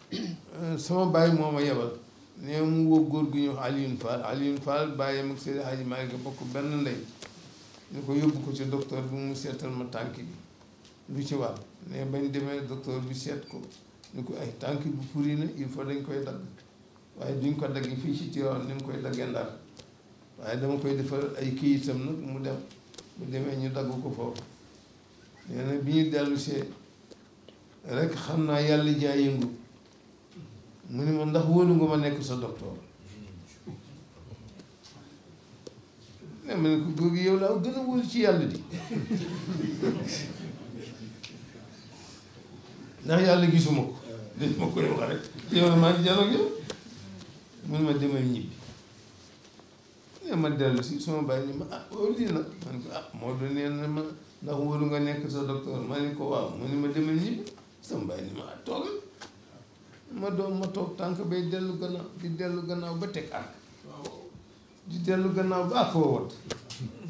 sama bàyyi moo ma yebal ne mu woo góor gu ñu wax Alioune Fall Alioune Fall bàyyam ak Seydil Hadji Malick bokk benn ndey ñu ko yóbbu ko ci docteur bi mu seetal ma tànk bi lu ci war ne bañ demee docteur bi seet ko ni ko ay tànk bu pourri na il faut dañ koy dagg waaye duñ ko dagg fii ci Tivaouane ni mu koy daggee Ndar waaye dama koy defar ay këyitam nag mu dem mu demee ñu dagg ko foofu nee na bi ñu dellu see rek xam naa yàlla jaay yëngu mu ni ma ndax wóolu nga ma nekk sa docteur ne ma ne ko góor gi yow laa gën a wóolu ci yàlla di ndax yàlla gisuma ko nit ma koy wax rek yow maa ngi jàll ak yow mun ma demal ñibbi ne ma dellu si suma bàyyi ni ma ah wóor oh, lii nag ma ko ah moo doon nee na ma ndax wóoru nga ah, doom ma toog tànk bay dellu gannaaw di dellu gannaaw ba teg àgg di dellu gannaaw ba àgg wat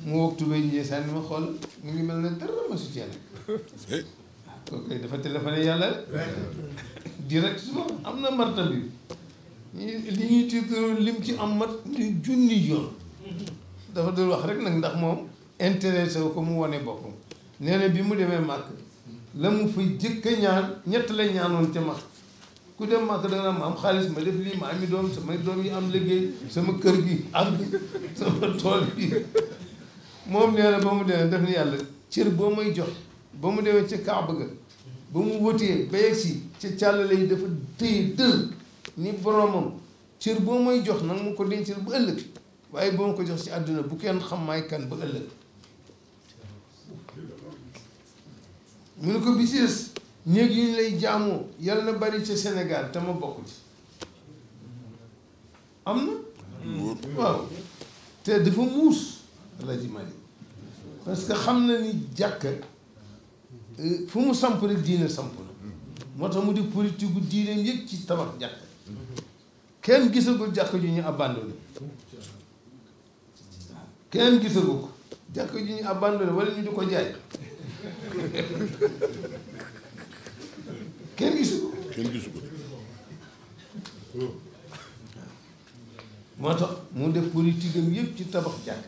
mu woktu bay ñëwee sànni ma xool mu ngi mel ne dara ma su cee nekk ah, dafa téléphoné yàlla su direction am na martaba bi li ñuy li mu ci am mat li junni yoon dafa doon wax rek nag ndax moom intéressé wu ko mu wane boppam nee na bi mu demee màkk la mu fay jëkk a ñaan ñett lay ñaanoon ca màkk ku dem màkk da nga am xaalis ma def lii ma ami doom samay doom yi am liggéey sama kër gi ak sama tool bi moom nee na ba mu demee def ni yàlla cër boo may jox ba mu demee ca Kaaba ga ba mu wëtee ba yegg si ca càllale yi dafa téye dël ni boromam cër boo may jox nag mu ko dencal bu ëllëg waaye boo ma ko jox ci àdduna bu kenn xam may kan ba ëllëg mu ne ko bi ci néeg yi ñu lay jaamoo yàlla na bari ca senegal te ma bokk ci am na waaw te dafa muus El Hadj Malick xam na ni jàkka fu mu samp rek diine samp moo tax mu di politique gu diineem yëg ci tabax jàkk kenn gisagul jàkk ju ñu abandonné kenn gisagu ko jàkk ju ñu abandonné wala ñu di ko jaay kenn gisagu kenn gisagu moo tax mu def politique am yëpp ci tabax jàkk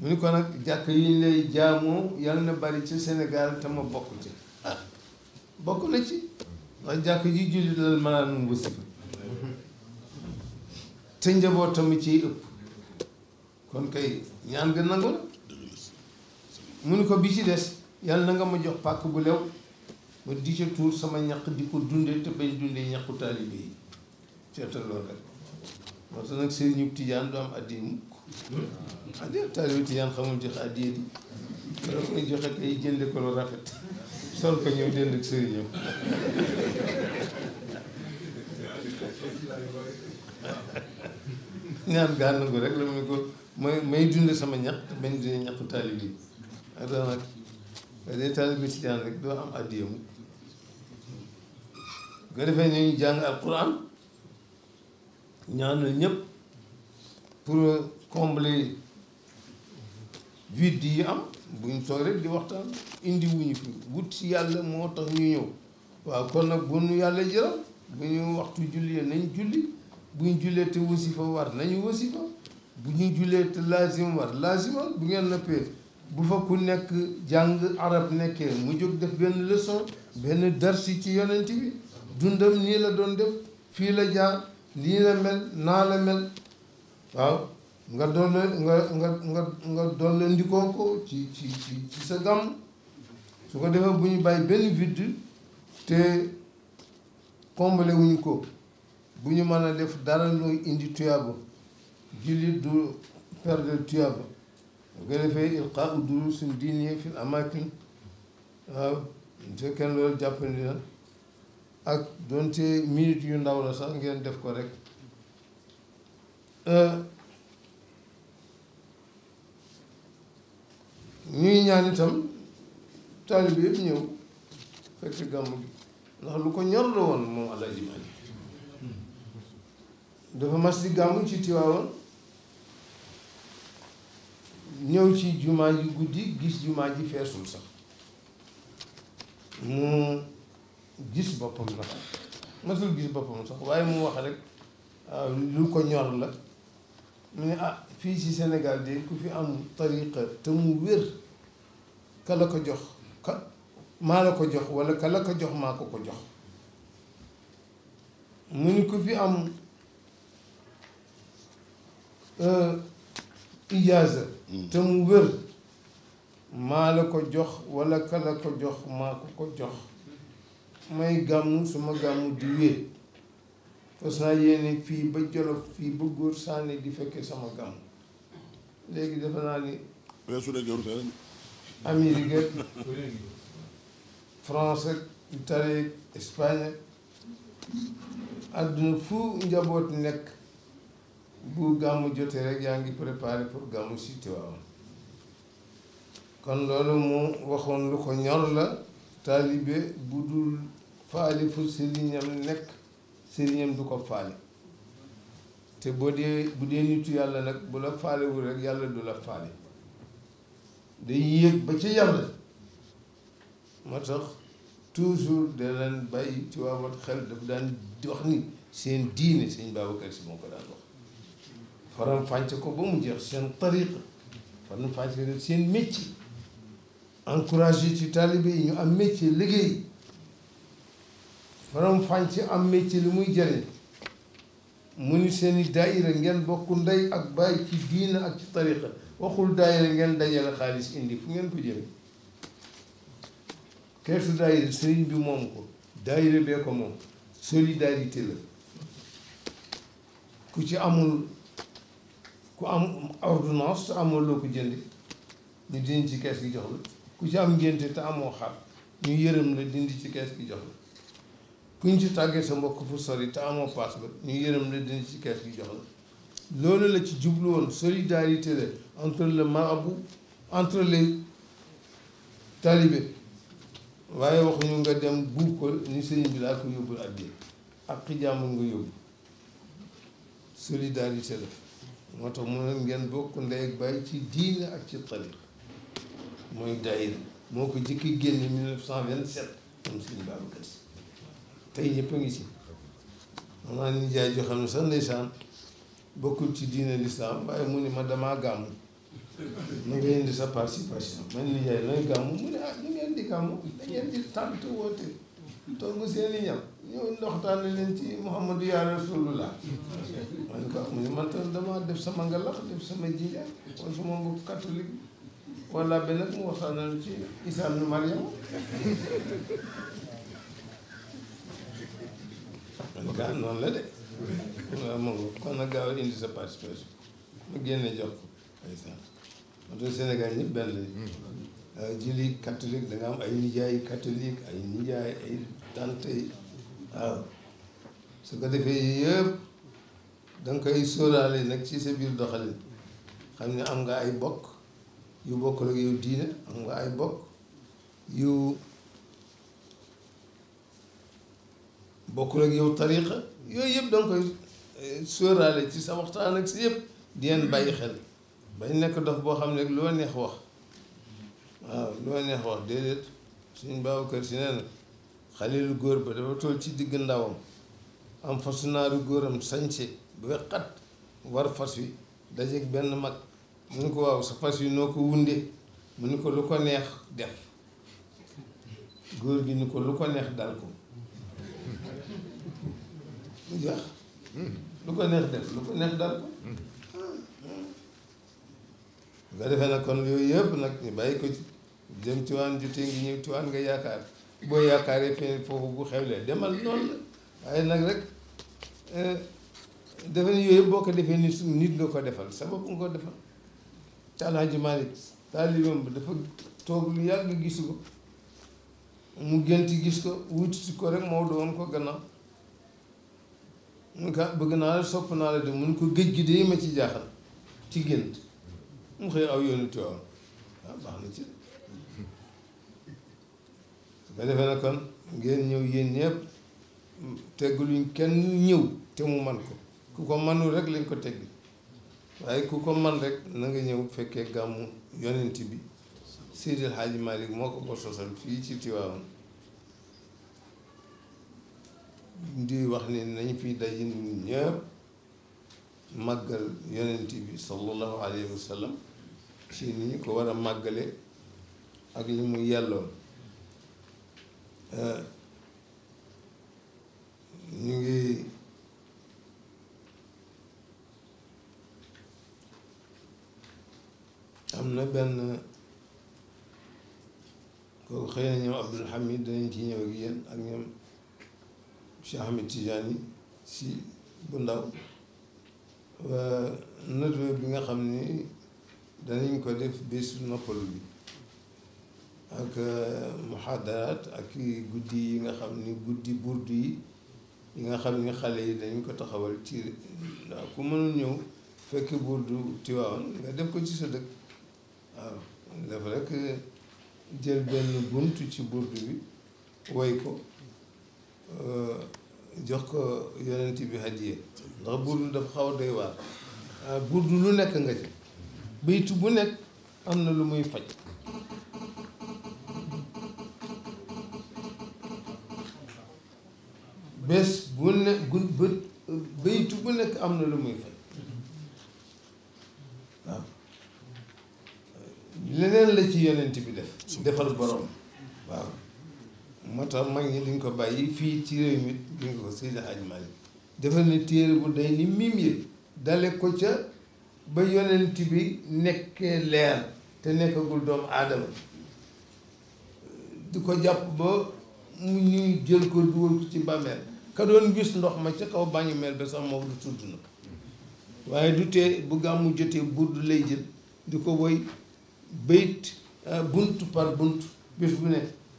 mu ni ko nag jàkk yi lay jaamoo yàlla na bari ci Sénégal te ma bokk ci bokk na ci ndax jàkk ji julli dal maanaam bu si te njabootam ciy ëpp kon kay ñaan nga nangu la mu ni ko bi ci des yàlla na nga ma jox pàkk bu lew ma di sama ñaq di ko dundee te bañ dundee ñaqu taalibe yi seetal loolu rek moo tax nag sëriñu Tijaan du am addi taalibe tijaan xamul joxe addiya di wala koy joxe kay jënde ko lu rafet sol ko ñëw dend ak sëriñam ñaan gaa nangu rek la muy may may dund sama ñaq bañ dund ñaqu taalibe yi rek doo am addiya mu nga defee ñu jàng alquran ñaanal ñëpp pour combler vide yi am buñ toog rek di waxtaan indiwuñu fi wut si yàlla moo tax ñu ñëw waaw kon nag bu yàlla jëral bu ñu waxtu jullee nañ julli bu ñu jullee te wasifa war nañu wasifa bu ñu jullee te lazim war lazimal bu ngeen noppee bu fa ku nekk jàng arab nekkee mu jóg def benn leçon benn darsi ci yonent bi dundam nii la doon def fii la jaar nii la mel naa la mel waaw nga dolle nga nga nga nga dolle ndikoo ci ci ci ci sa gàmm su ko defee bu ñu bàyyi benn vide te combler ko bu ñu mën a def dara looy indi tuyaaba jullit du perdre tuyaaba bu ko defee ilqaa u duruusin diiniya fil amaakin waaw su kenn loolu jàppandi na ak doonte minute yu ndaw la sax ngeen def ko rek Euh, ñuy ñaan itam taalibe yëpp ñëw fekk gàmmu gi ndax lu ko ñor la woon moom Alaaji Maalik dafa mas gàmmu ci Tiwaawan ñëw ci jumaa ji guddi gis jumaa ji feesul sax mu gis boppam la masul gis boppam sax waaye mu wax rek ah, lu ko ñor la mu ne ah fii si Sénégal de ku fi am tariqa te mu wér ka la ko jox ka maa la ko jox wala ka la ko jox maa ko ko jox mu ni ku fi am euh, ijaaza te mu la ko jox wala ka la ko jox maa ko ko may gàmmu suma gàmmu di wéet fas naa yéene fii ba Jolof fii ba góor saani di fekkee sama gàmm léegi dafa naa ni weesu de jarul sax Amérique France Italie Espagne àdduna fu njaboot nekk bu gàmmu jotee rek yaa ngi préparé pour gàmmu si kon loolu mu waxoon lu ko ñor la taalibe bu dul faali fu sëriñam nekk sëriñam du ko faale te boo dee bu dee nitu yàlla nag bu la faalewul rek yàlla du la faale day yéeg ba ci yàlla moo tax toujours da leen bàyyi ci waamat xel daf daan wax ni seen diine sëñ Babacar Si moo ko daan wax faram fànce ko ba mu jeex seen tariqa faram fànce ko seen métier encouragé ci taalibe yi ñu am métier liggéey borom ci am métier li muy jëriñ mu ni seen i daayira ngeen bokk ndey ak bàyyi ci diina ak ci tariqa waxul daayira ngeen dajale xaalis indi fu ngeen ko jële keesu daayira sëriñ bi moom ko daayira bee ko moom solidarité la ku ci amul ku am ordonnance te amoo loo ko jënd ñu dindi ci kees gi jox la ku ci am ngénte te amoo xar ñu yërëm la dindi ci kees gi jox la ku ñu ci tàggee sa mbokk fu sori te amoo paas ba ñu yërëm la dina ci kees gi jox la loolu la ci jublu woon solidarité la entre le marabout entre les talibés waaye waxuñu nga dem buub ko ni sëñ bi laa ko yóbbul ak jéem ak nga yóbbu solidarité la moo tax mu ne ngeen bokk ndey ak bàyyi ci diine ak ci tariq mooy daayira moo ko jëkki génn 1927 moom sëñ Babacar tey ñëpp a ngi ci man naa ni jaay ne sax ndeysaan bokkul ci diine lislaam waaye mu ni ma damaa gàmm na nga indi sa participation man ni jaay nooy gàmm mu ne ah ñu ngeen di gàmm da ngeen di tànt woote togg seen i ñam ñëw ndoxtaane leen ci Muhammadu yaa Rasulullah ma ne ko ah, mu ne man tam damaa def sama ngalax def sama jinja kon sama mbokk catholique wala benn nag mu waxtaanal ci Isaa ibn Maryam en tout noonu la de waaw moom kon nag gaaw indi sa participation mu génne jox ko ay sant Sénégal ñëpp benn lañu hmm. catholique da am ay nijaay catholique ay nijaay ay tante waaw su ko defee yëpp da nga koy sóoraale nag ci sa biir doxalin xam ne am nga ay bokk yu bokkul ak yow diine am nga ay bokk yu bokkul ak yow tariqa yooyu yëpp da nga koy eh, sóoraale ci sa waxtaan ak si yëpp di leen bàyyi xel bañ nekk dof boo xam ne loo neex wax waaw loo neex wax déedéet suñ kër Si nee na xalilu góor ba dafa toll ci digg ndawam am fasu naaru góoram sañse ba xat war fas wi dajeeg benn mag mu ko waaw sa fas wi noo ko wunde mu ni ko lu ko neex def góor gi ni ko lu ko neex dal ko lu jeex lu ko neex def lu ko neex daal ko nga defee nag kon yooyu yëpp nag ñu bàyyi ko ci jëm Tiwaawan jotee ngi ñëw Tiwaawan nga yaakaar boo yaakaaree fee foofu bu xewlee demal noonu la waaye nag rek eh, defe ne yooyu yëpp boo ko defee nit nit loo ko defal sabab nga ko defal te Alaaji Maalik taalibeem bi dafa toog lu yàgg gisu ko mu gént gis ko wuti ko rek moo doon ko gannaaw mun ko bëgg naa la sopp naa la di mun ko géej gi de ma ci jaaxal ci gént mu xëy aw yoonu Tiwaawan waaw ah, baax na ci su ko defee nag ngeen ñëw yépp ñëpp teggaluñ kenn ñëw te mu man ko ku ko manul rek lañ ko teggi waaye ku ko man rek na nga ñëw fekkee gàmmu yonent bi Seydil Hadji Malick moo ko ko sosal fii ci Tiwaawan di wax ni nañ fi daje ñun ñëpp màggal yonent bi sallallahu alayhi wa sallam ni ko war a màggale ak li mu yelloon euh, ñu ngi am na benn kooku xëy na Abdul Hamid danañ ci ñëw ak yéen ak ñoom Cheikh Ahmed Tidiane si bu ndaw euh, nëtwe bi nga xam ni danañ ko def bésu noppalu bi ak euh, muhadaraat ak guddi yi nga xam ni guddi burdu yi nga xam ni xale yi dañ ko taxawal ci waaw ku mënul ñëw fekk burdu Tiwaawan nga def ko ci sa dëkk waaw dafa rek jël benn bunt ci burdu bi woy ko euh, jox ko yonent bi hadiya ndax burdu dafa xaw a doy waar ah, burdu lu nekk nga ci baytu bu nekk am na lu muy faj bés bu ne gun bu nekk am na lu muy faj waaw leneen la ci yonent bi def defal borom waaw moo tax mag ñi duñ ko bàyyi fii ci réew mi duñ ko Seydi Hadji Malick dafa ne téere bu day ni mim yi dale ko ca ba yonent bi nekkee leer te nekkagul doomu aadama di ko jàpp ba mu ñuy jël ko dugal ci bàmmeel ka doon gis ndox ma ca kaw bàñu mel ba sax moom du tudd na waaye du tee bu gàmmu jotee burdu lay jël di ko woy bayit euh, bunt par bunt bés bu ne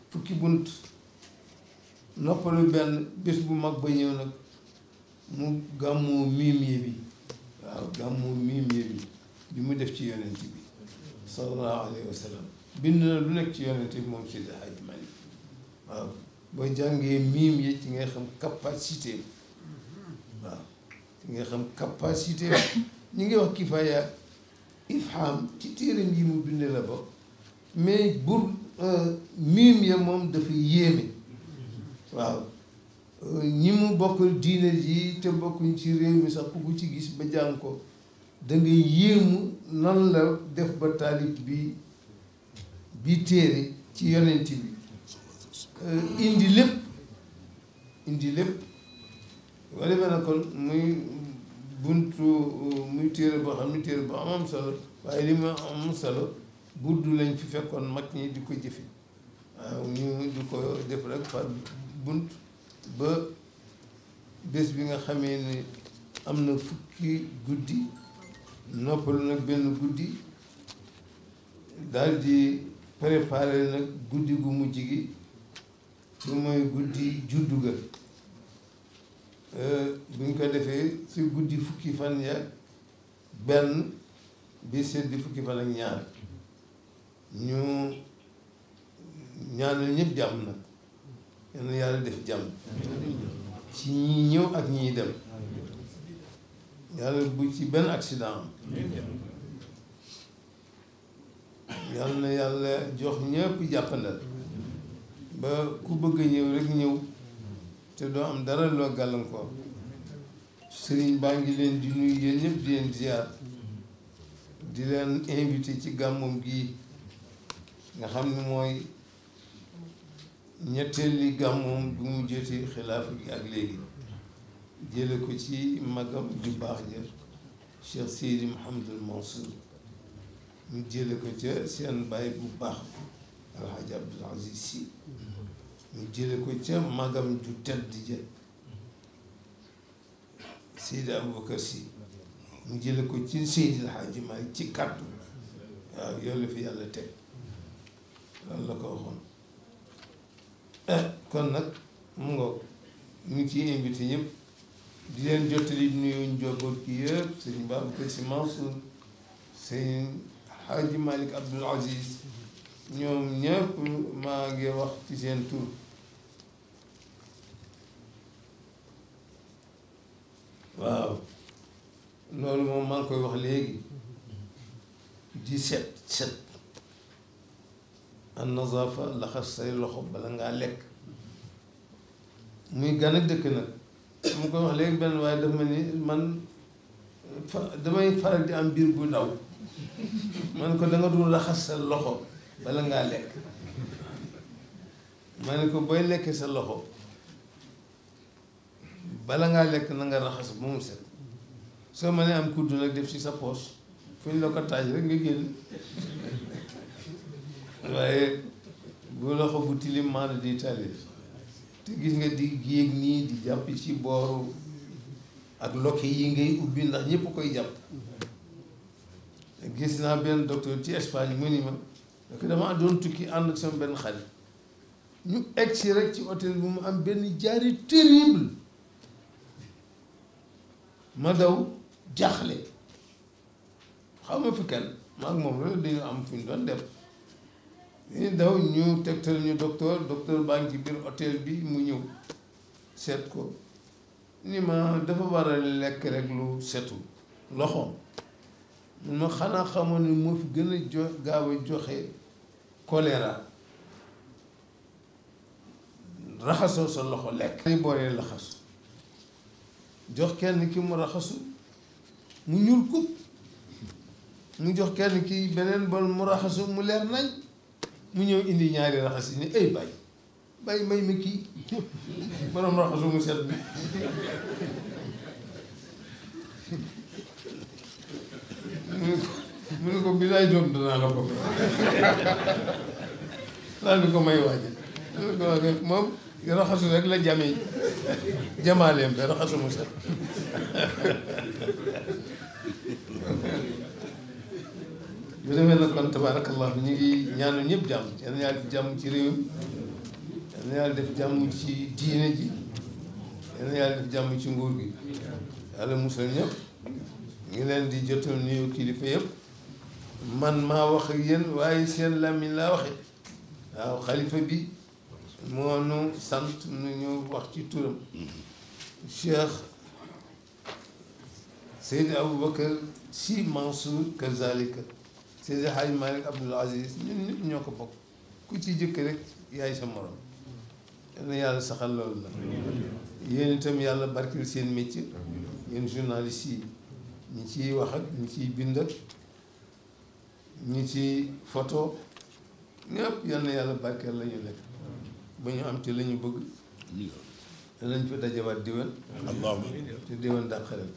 fukki bunt noppalu benn bés bu mag ba ñëw nag mu gàmmoo miimye bi waaw gàmmoo miimye bi bi mu def ci yonent bi sallallahu alayhi bind na lu nekk ci yonent bi moom Seydi Hadji Malick waaw boo jàngee miim yi ci nga xam capacité waaw ci nga xam capacité ñi ngi wax kifaya ifham ci téeram yi mu bindee la bokk mais bur euh, miim ya moom dafa yéeme waaw ñi mu bokkal diine ji te bokkuñ ci réew mi sax ku ko ci gis ba jàng ko da ngay nan la def ba taalib bi bi téere ci yonent bi euh, indi lépp indi lépp wala ma kon muy buntu muy téere boo xam ne téere boo am am solo waaye li ma am solo buddu lañ fi fekkoon mag ñi di ko jëfe waaw ñu di ko def rek fa bunt ba bés bi nga xamee ne am na fukki guddi noppalu nag benn guddi daldi di préparé nag guddi gu mujj gi ci mooy guddi juddu ga euh, bu ko defee si guddi fukki fan ya benn bi seet di fukki fan ak ñaar ñu ñaanal ñëpp jàmm nag yal na yàlla def jàmm ci ñi ñëw ak ñiy dem yàlla bu ci benn accident am yàlla na yàlla jox ñëpp jàppandal ba ku bëgg a ñëw rek ñëw te doo am dara loo gàllankoor sëriñ baa ngi leen di nuyu yéen di leen ziar di leen invité ci gàmmoom gi nga xam ne mooy ñetteel li gàmmoom bi mu jotee xilaafa gi ak léegi jële ko ci magam ju baax ja Cheikh Seydi Mouhamadul Mansour mu jële ko ca seen baay bu baax Alhaji Abdoul Aziz Sy mu jële ko ca magam ju tedd ja Seydi Aboubacar Sy mu jële ko ci Seydi Alhaji Maalik ci kàddu waaw yooyu la fi yàlla teg loolu la ko waxoon Eh, kon nag mu ngoog mu ngi ci invité ñëpp di leen jottali nuyu ñu jogoon kii yëpp sëñ Babacar Sy Mansour sëñ Hadji Malick Aziz ñoom ñëpp maa ngi wax ci seen tur waaw loolu moom maa ngi koy wax léegi di set set an nazafa laxas say loxo bala ngaa lekk muy gan ak dëkk nag mu koy wax léegi benn waaye dafa mel ni man fa damay faral di am biir bu ndaw man ko da nga dul laxas sa loxo bala ngaa lekk ma ne ko booy lekkee sa loxo bala ngaa lekk na nga raxas ba mu set soo mënee am kudd nag def ci sa poos fu ñu la ko taaj rek nga génn waaye bu loxo bu tilim maana di tali te gis nga di yéeg nii di jàpp ci booru ak lokke yi ngay ubbi ndax ñëpp koy jàpp gis naa benn docteur ci Espagne mu ni ma donc damaa doon tukki ànd ak sama benn xarit ñu egg si rek ci hôtel bu mu am benn jaari terrible ma daw jaaxle xaw ma fi kan maag moom rek dañu am fu ñu doon def daw ñu tegtal ñu doktoor docteur baa ngi ci biir hôtel bi mu ñëw seet ko ni ma dafa war a lekk rek lu setu loxo mun ma xanaa xamoon ni mu gën a jo gaaw a joxe koleera raxasoo sa loxo lekk ni boolee laxas jox kenn ki mu raxasu mu ñuul kub mu jox kenn ki beneen bon mu raxasu mu leer nañ mu ñëw indi ñaari raxas yi ne ay bàyyi bàyyi may ma kii borom raxasu set bi mu ne ko mu bi laay doom danaa la ko laal di ko may waaje mu ne ko waaye moom raxasu rek la jamee jamaaleem ba raxasu set bu demee na kon tabaarakallah ñu ngi ñaanu ñëpp jàmm yal na yàlla jàmm ci réew mi yal na yàlla def jàmm ci diine ji yal na def jàmm ci nguur gi yàlla musal ñëpp ngi leen di jotal nuyu kilifa yëpp man maa wax ak waaye seen làmmiñ laa waxe waaw xalifa bi moo nu sant nu ñu wax ci turam Cheikh Seydi Aboubacar Sy Mansour kazalika Seydi Hadj Malick Abdoul Aziz ñun ñëpp ñoo ko bokk ku ci jëkk rek yaay sa morom yàlla yàlla saxal loolu la yéen itam yàlla barkil seen métier yéen journaliste yi ñi ciy wax ak ñi ciy bind ak ñi ci photo ñëpp yal na yàlla barkeel la ñu nekk ba ñu am ci la ñu bëgg danañ fa dajawaat diwen te diwen dàqareel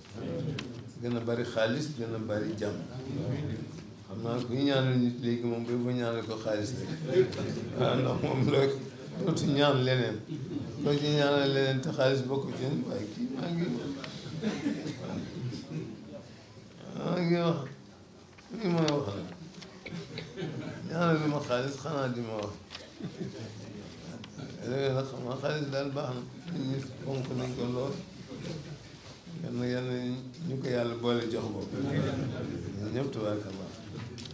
gën a bari xaalis gën a bari jàmm xam naa kuy ñaanal nit léegi moom ba ñaanal ko xaalis rek waaw ah, ndax moom looy dootu ñaan leneen loo ci ñaanal leneen te xaalis bokku ci waaye kii maa ngi maa ngi wax lii mooy wax la ñaanal lu ma xaalis xanaa di ma wax léegi nag xam nga xaalis daal baax na nit ñi fonk nañ ko lool yal na yal na ñu ko yàlla boole jox boobu ñun ñëpp tubaab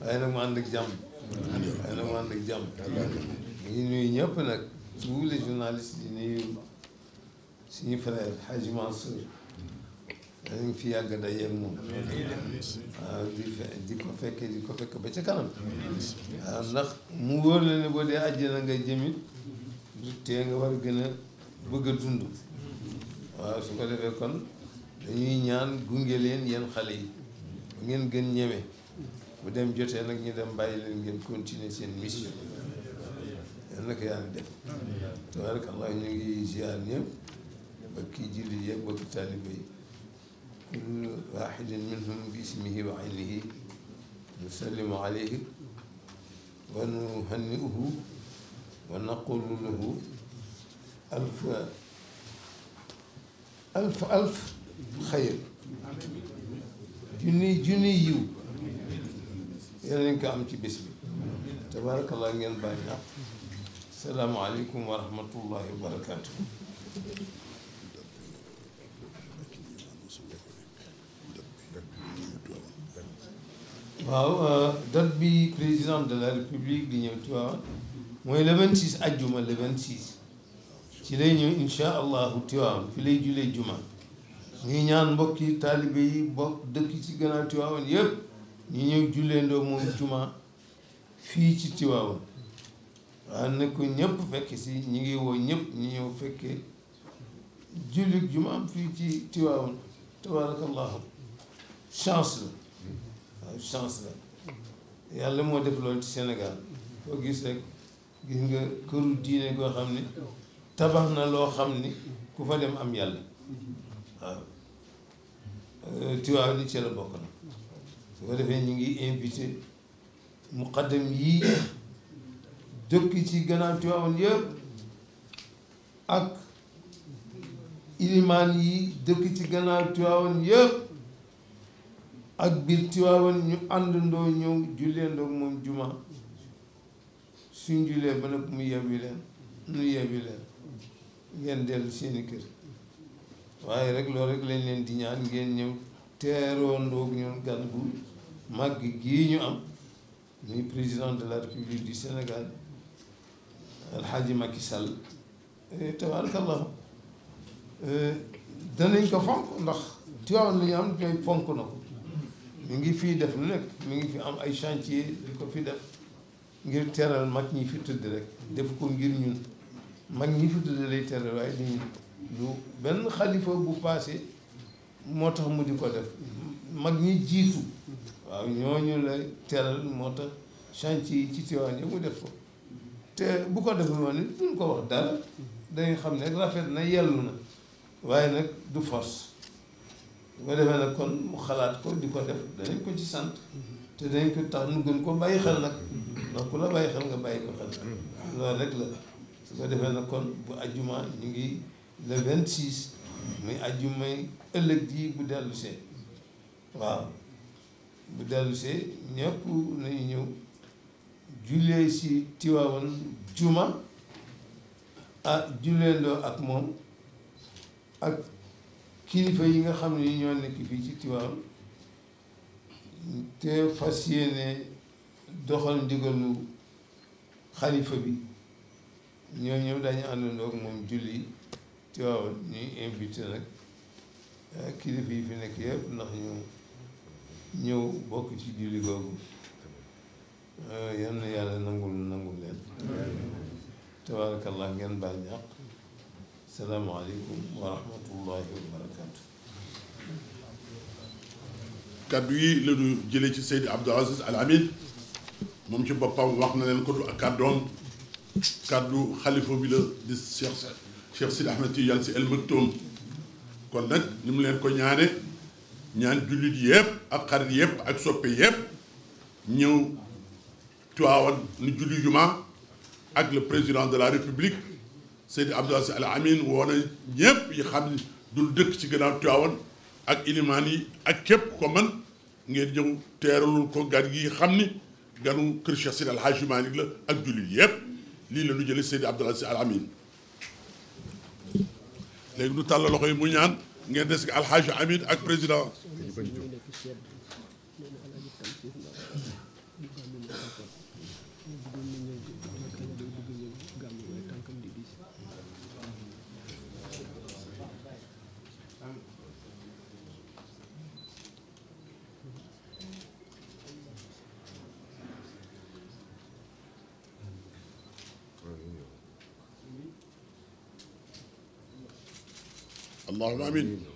waaye nag mu ànd ak jàmm waaye nag mu ànd ak jàmm ñu nuyu ñëpp nag tous les journalistes yi nuyu suñu frère Hadji Mansour dañu fi yàgg daje ak moom waaw di fe di ko fekkee di ko fekk ba ca kanam waaw ndax mu wóor la ne boo dee àjjana nga jëmit du nga war a gën a bëgg dund waaw su ko defee kon dañuy ñaan gunge leen yéen xale yi ngeen gën ñeme bu dem jotee nag ñu dem bàyyi leen ngeen continuer seen mission yal na ko yàlla def tabarakallah ñu ngi ziar ñëpp ba kii jullit yeeg ba kii taalibe yi kullu waaxidin minhum bi ismihi wa aynihi nusallimu alayhi wa nuhanni'uhu wa naqulu lahu alf alf alf xayr junniy junniy yiw yéen nañ ko am ci bis bi tabaarakallaa ngeen bàyyi na salaamaaleykum wa rahmatullahi wa barakaatu. waaw euh, bi président de la république di ñëw ci waaw mooy le 26 ajjuma le 26 ci lay ñëw incha allahu tiwaawan fi lay julee juma ñuy ñaan mbokk yi taalibe yi bokk dëkk ci gannaaw tiwaawan yëpp ñu ñëw julleendoo moom juma fii ci Tiwaawoon waaw na ko ñëpp fekk si ñu ngi woo ñëpp ñu ñëw fekkee jullit juma am fii ci Tiwaawoon tabarakallahu chance la waaw chance la yàlla moo def loolu ci Sénégal foo gis rek gis nga këru diine koo xam ne tabax na loo xam ni ku fa dem am yàlla waaw euh, Tiwaawoon ni bokk na su defee ñu ngi invité muqaddam yi dëkk ci gannaaw Tiwaawan yëpp ak ilimaan yi dëkk ci gannaaw Tiwaawan yëpp ak biir Tiwaawan ñu àndandoo ñëw julleendoo moom juma suñ jullee ba nag mu yebbi leen nu yebbi leen ngeen dellu seeni kër waaye rek loolu rekk lañ leen di ñaan ngeen ñëw teeroondoo ñun gan gu màgg gii ñu am muy président de la république du Sénégal alxaaji Macky Sall eh, tabarakallah eh, danañ ko fonk ndax Tiwaawan li ñu am ñooy fonk na ko mi ngi fii def lu nekk mi ngi fi am ay chantier di ko fi def ngir teral mag ñi fi tëdd rek def ko ngir ñun mag ñi fi tëdd lay teral waaye di lu benn xalifa bu paase moo tax mu di ko def mag ñi jiitu waaw ñooñu la teral moo tax chantier yi ci Tiwaawan yi mu def ko te bu ko defee woon it duñ ko wax dara dañu xam ne rafet na yellu na waaye nag du force bu ko defee nag kon mu xalaat ko di ko def danañ ko ci sant te dañ ko tax nu gën ko bàyyi xel nag ndax ku la bàyyi xel nga bàyyi ko xel loolu rek la su ko defee na kon bu ajjuma ñu ngi le vingt six muy ajjumay ëllëg ji bu dellu see waaw bu dellusee ñëpp nañu ñëw jullee ci Tiwaawan juma ah julleendoo ak moom ak kilifa yi nga xam ne ñoo nekk fii ci Tiwaawan te fas yéene doxal ndigalu xalifa bi ñoo ñëw dañu àndandoo ak moom julli Tiwaawan ñuy invité nag ah, kilifa yi fi nekk yëpp ndax ñu ñëw bokk ci julli googu euh, yal na yàlla nangul nangul leen tabaarakallah ngeen baal ñàq salaamaaleykum wa rahmatullahi kàddu yi la ñu jëlee ci Seydi Abdou Aziz Al Amin moom ci boppam wax na leen ko du kàddu xalifa bi la di Cheikh Cheikh Sidi Ahmed Tidiane Sy Al Maktoum kon nag ni mu leen ko ñaane ñaan jullit yëpp ak xarit yëpp ak soppe yëpp ñëw Tiwaawan nu julli juma ak le président de la république Seydi Abdou Aziz Al Amine woo na yi xam ne dul dëkk ci gannaaw Tiwaawan ak ilimaan yi ak képp ko man ngeen ñëw teeralul ko gan yi xam ni ganu kër Cheikh Seydi El Hadji la ak jullit yëpp lii la ñu jëlee Seydi Abdou Aziz Al Amine léegi nu tàll loxo yi mu ñaan ngeen des nga alxaaji Amine ak président allahumma amiin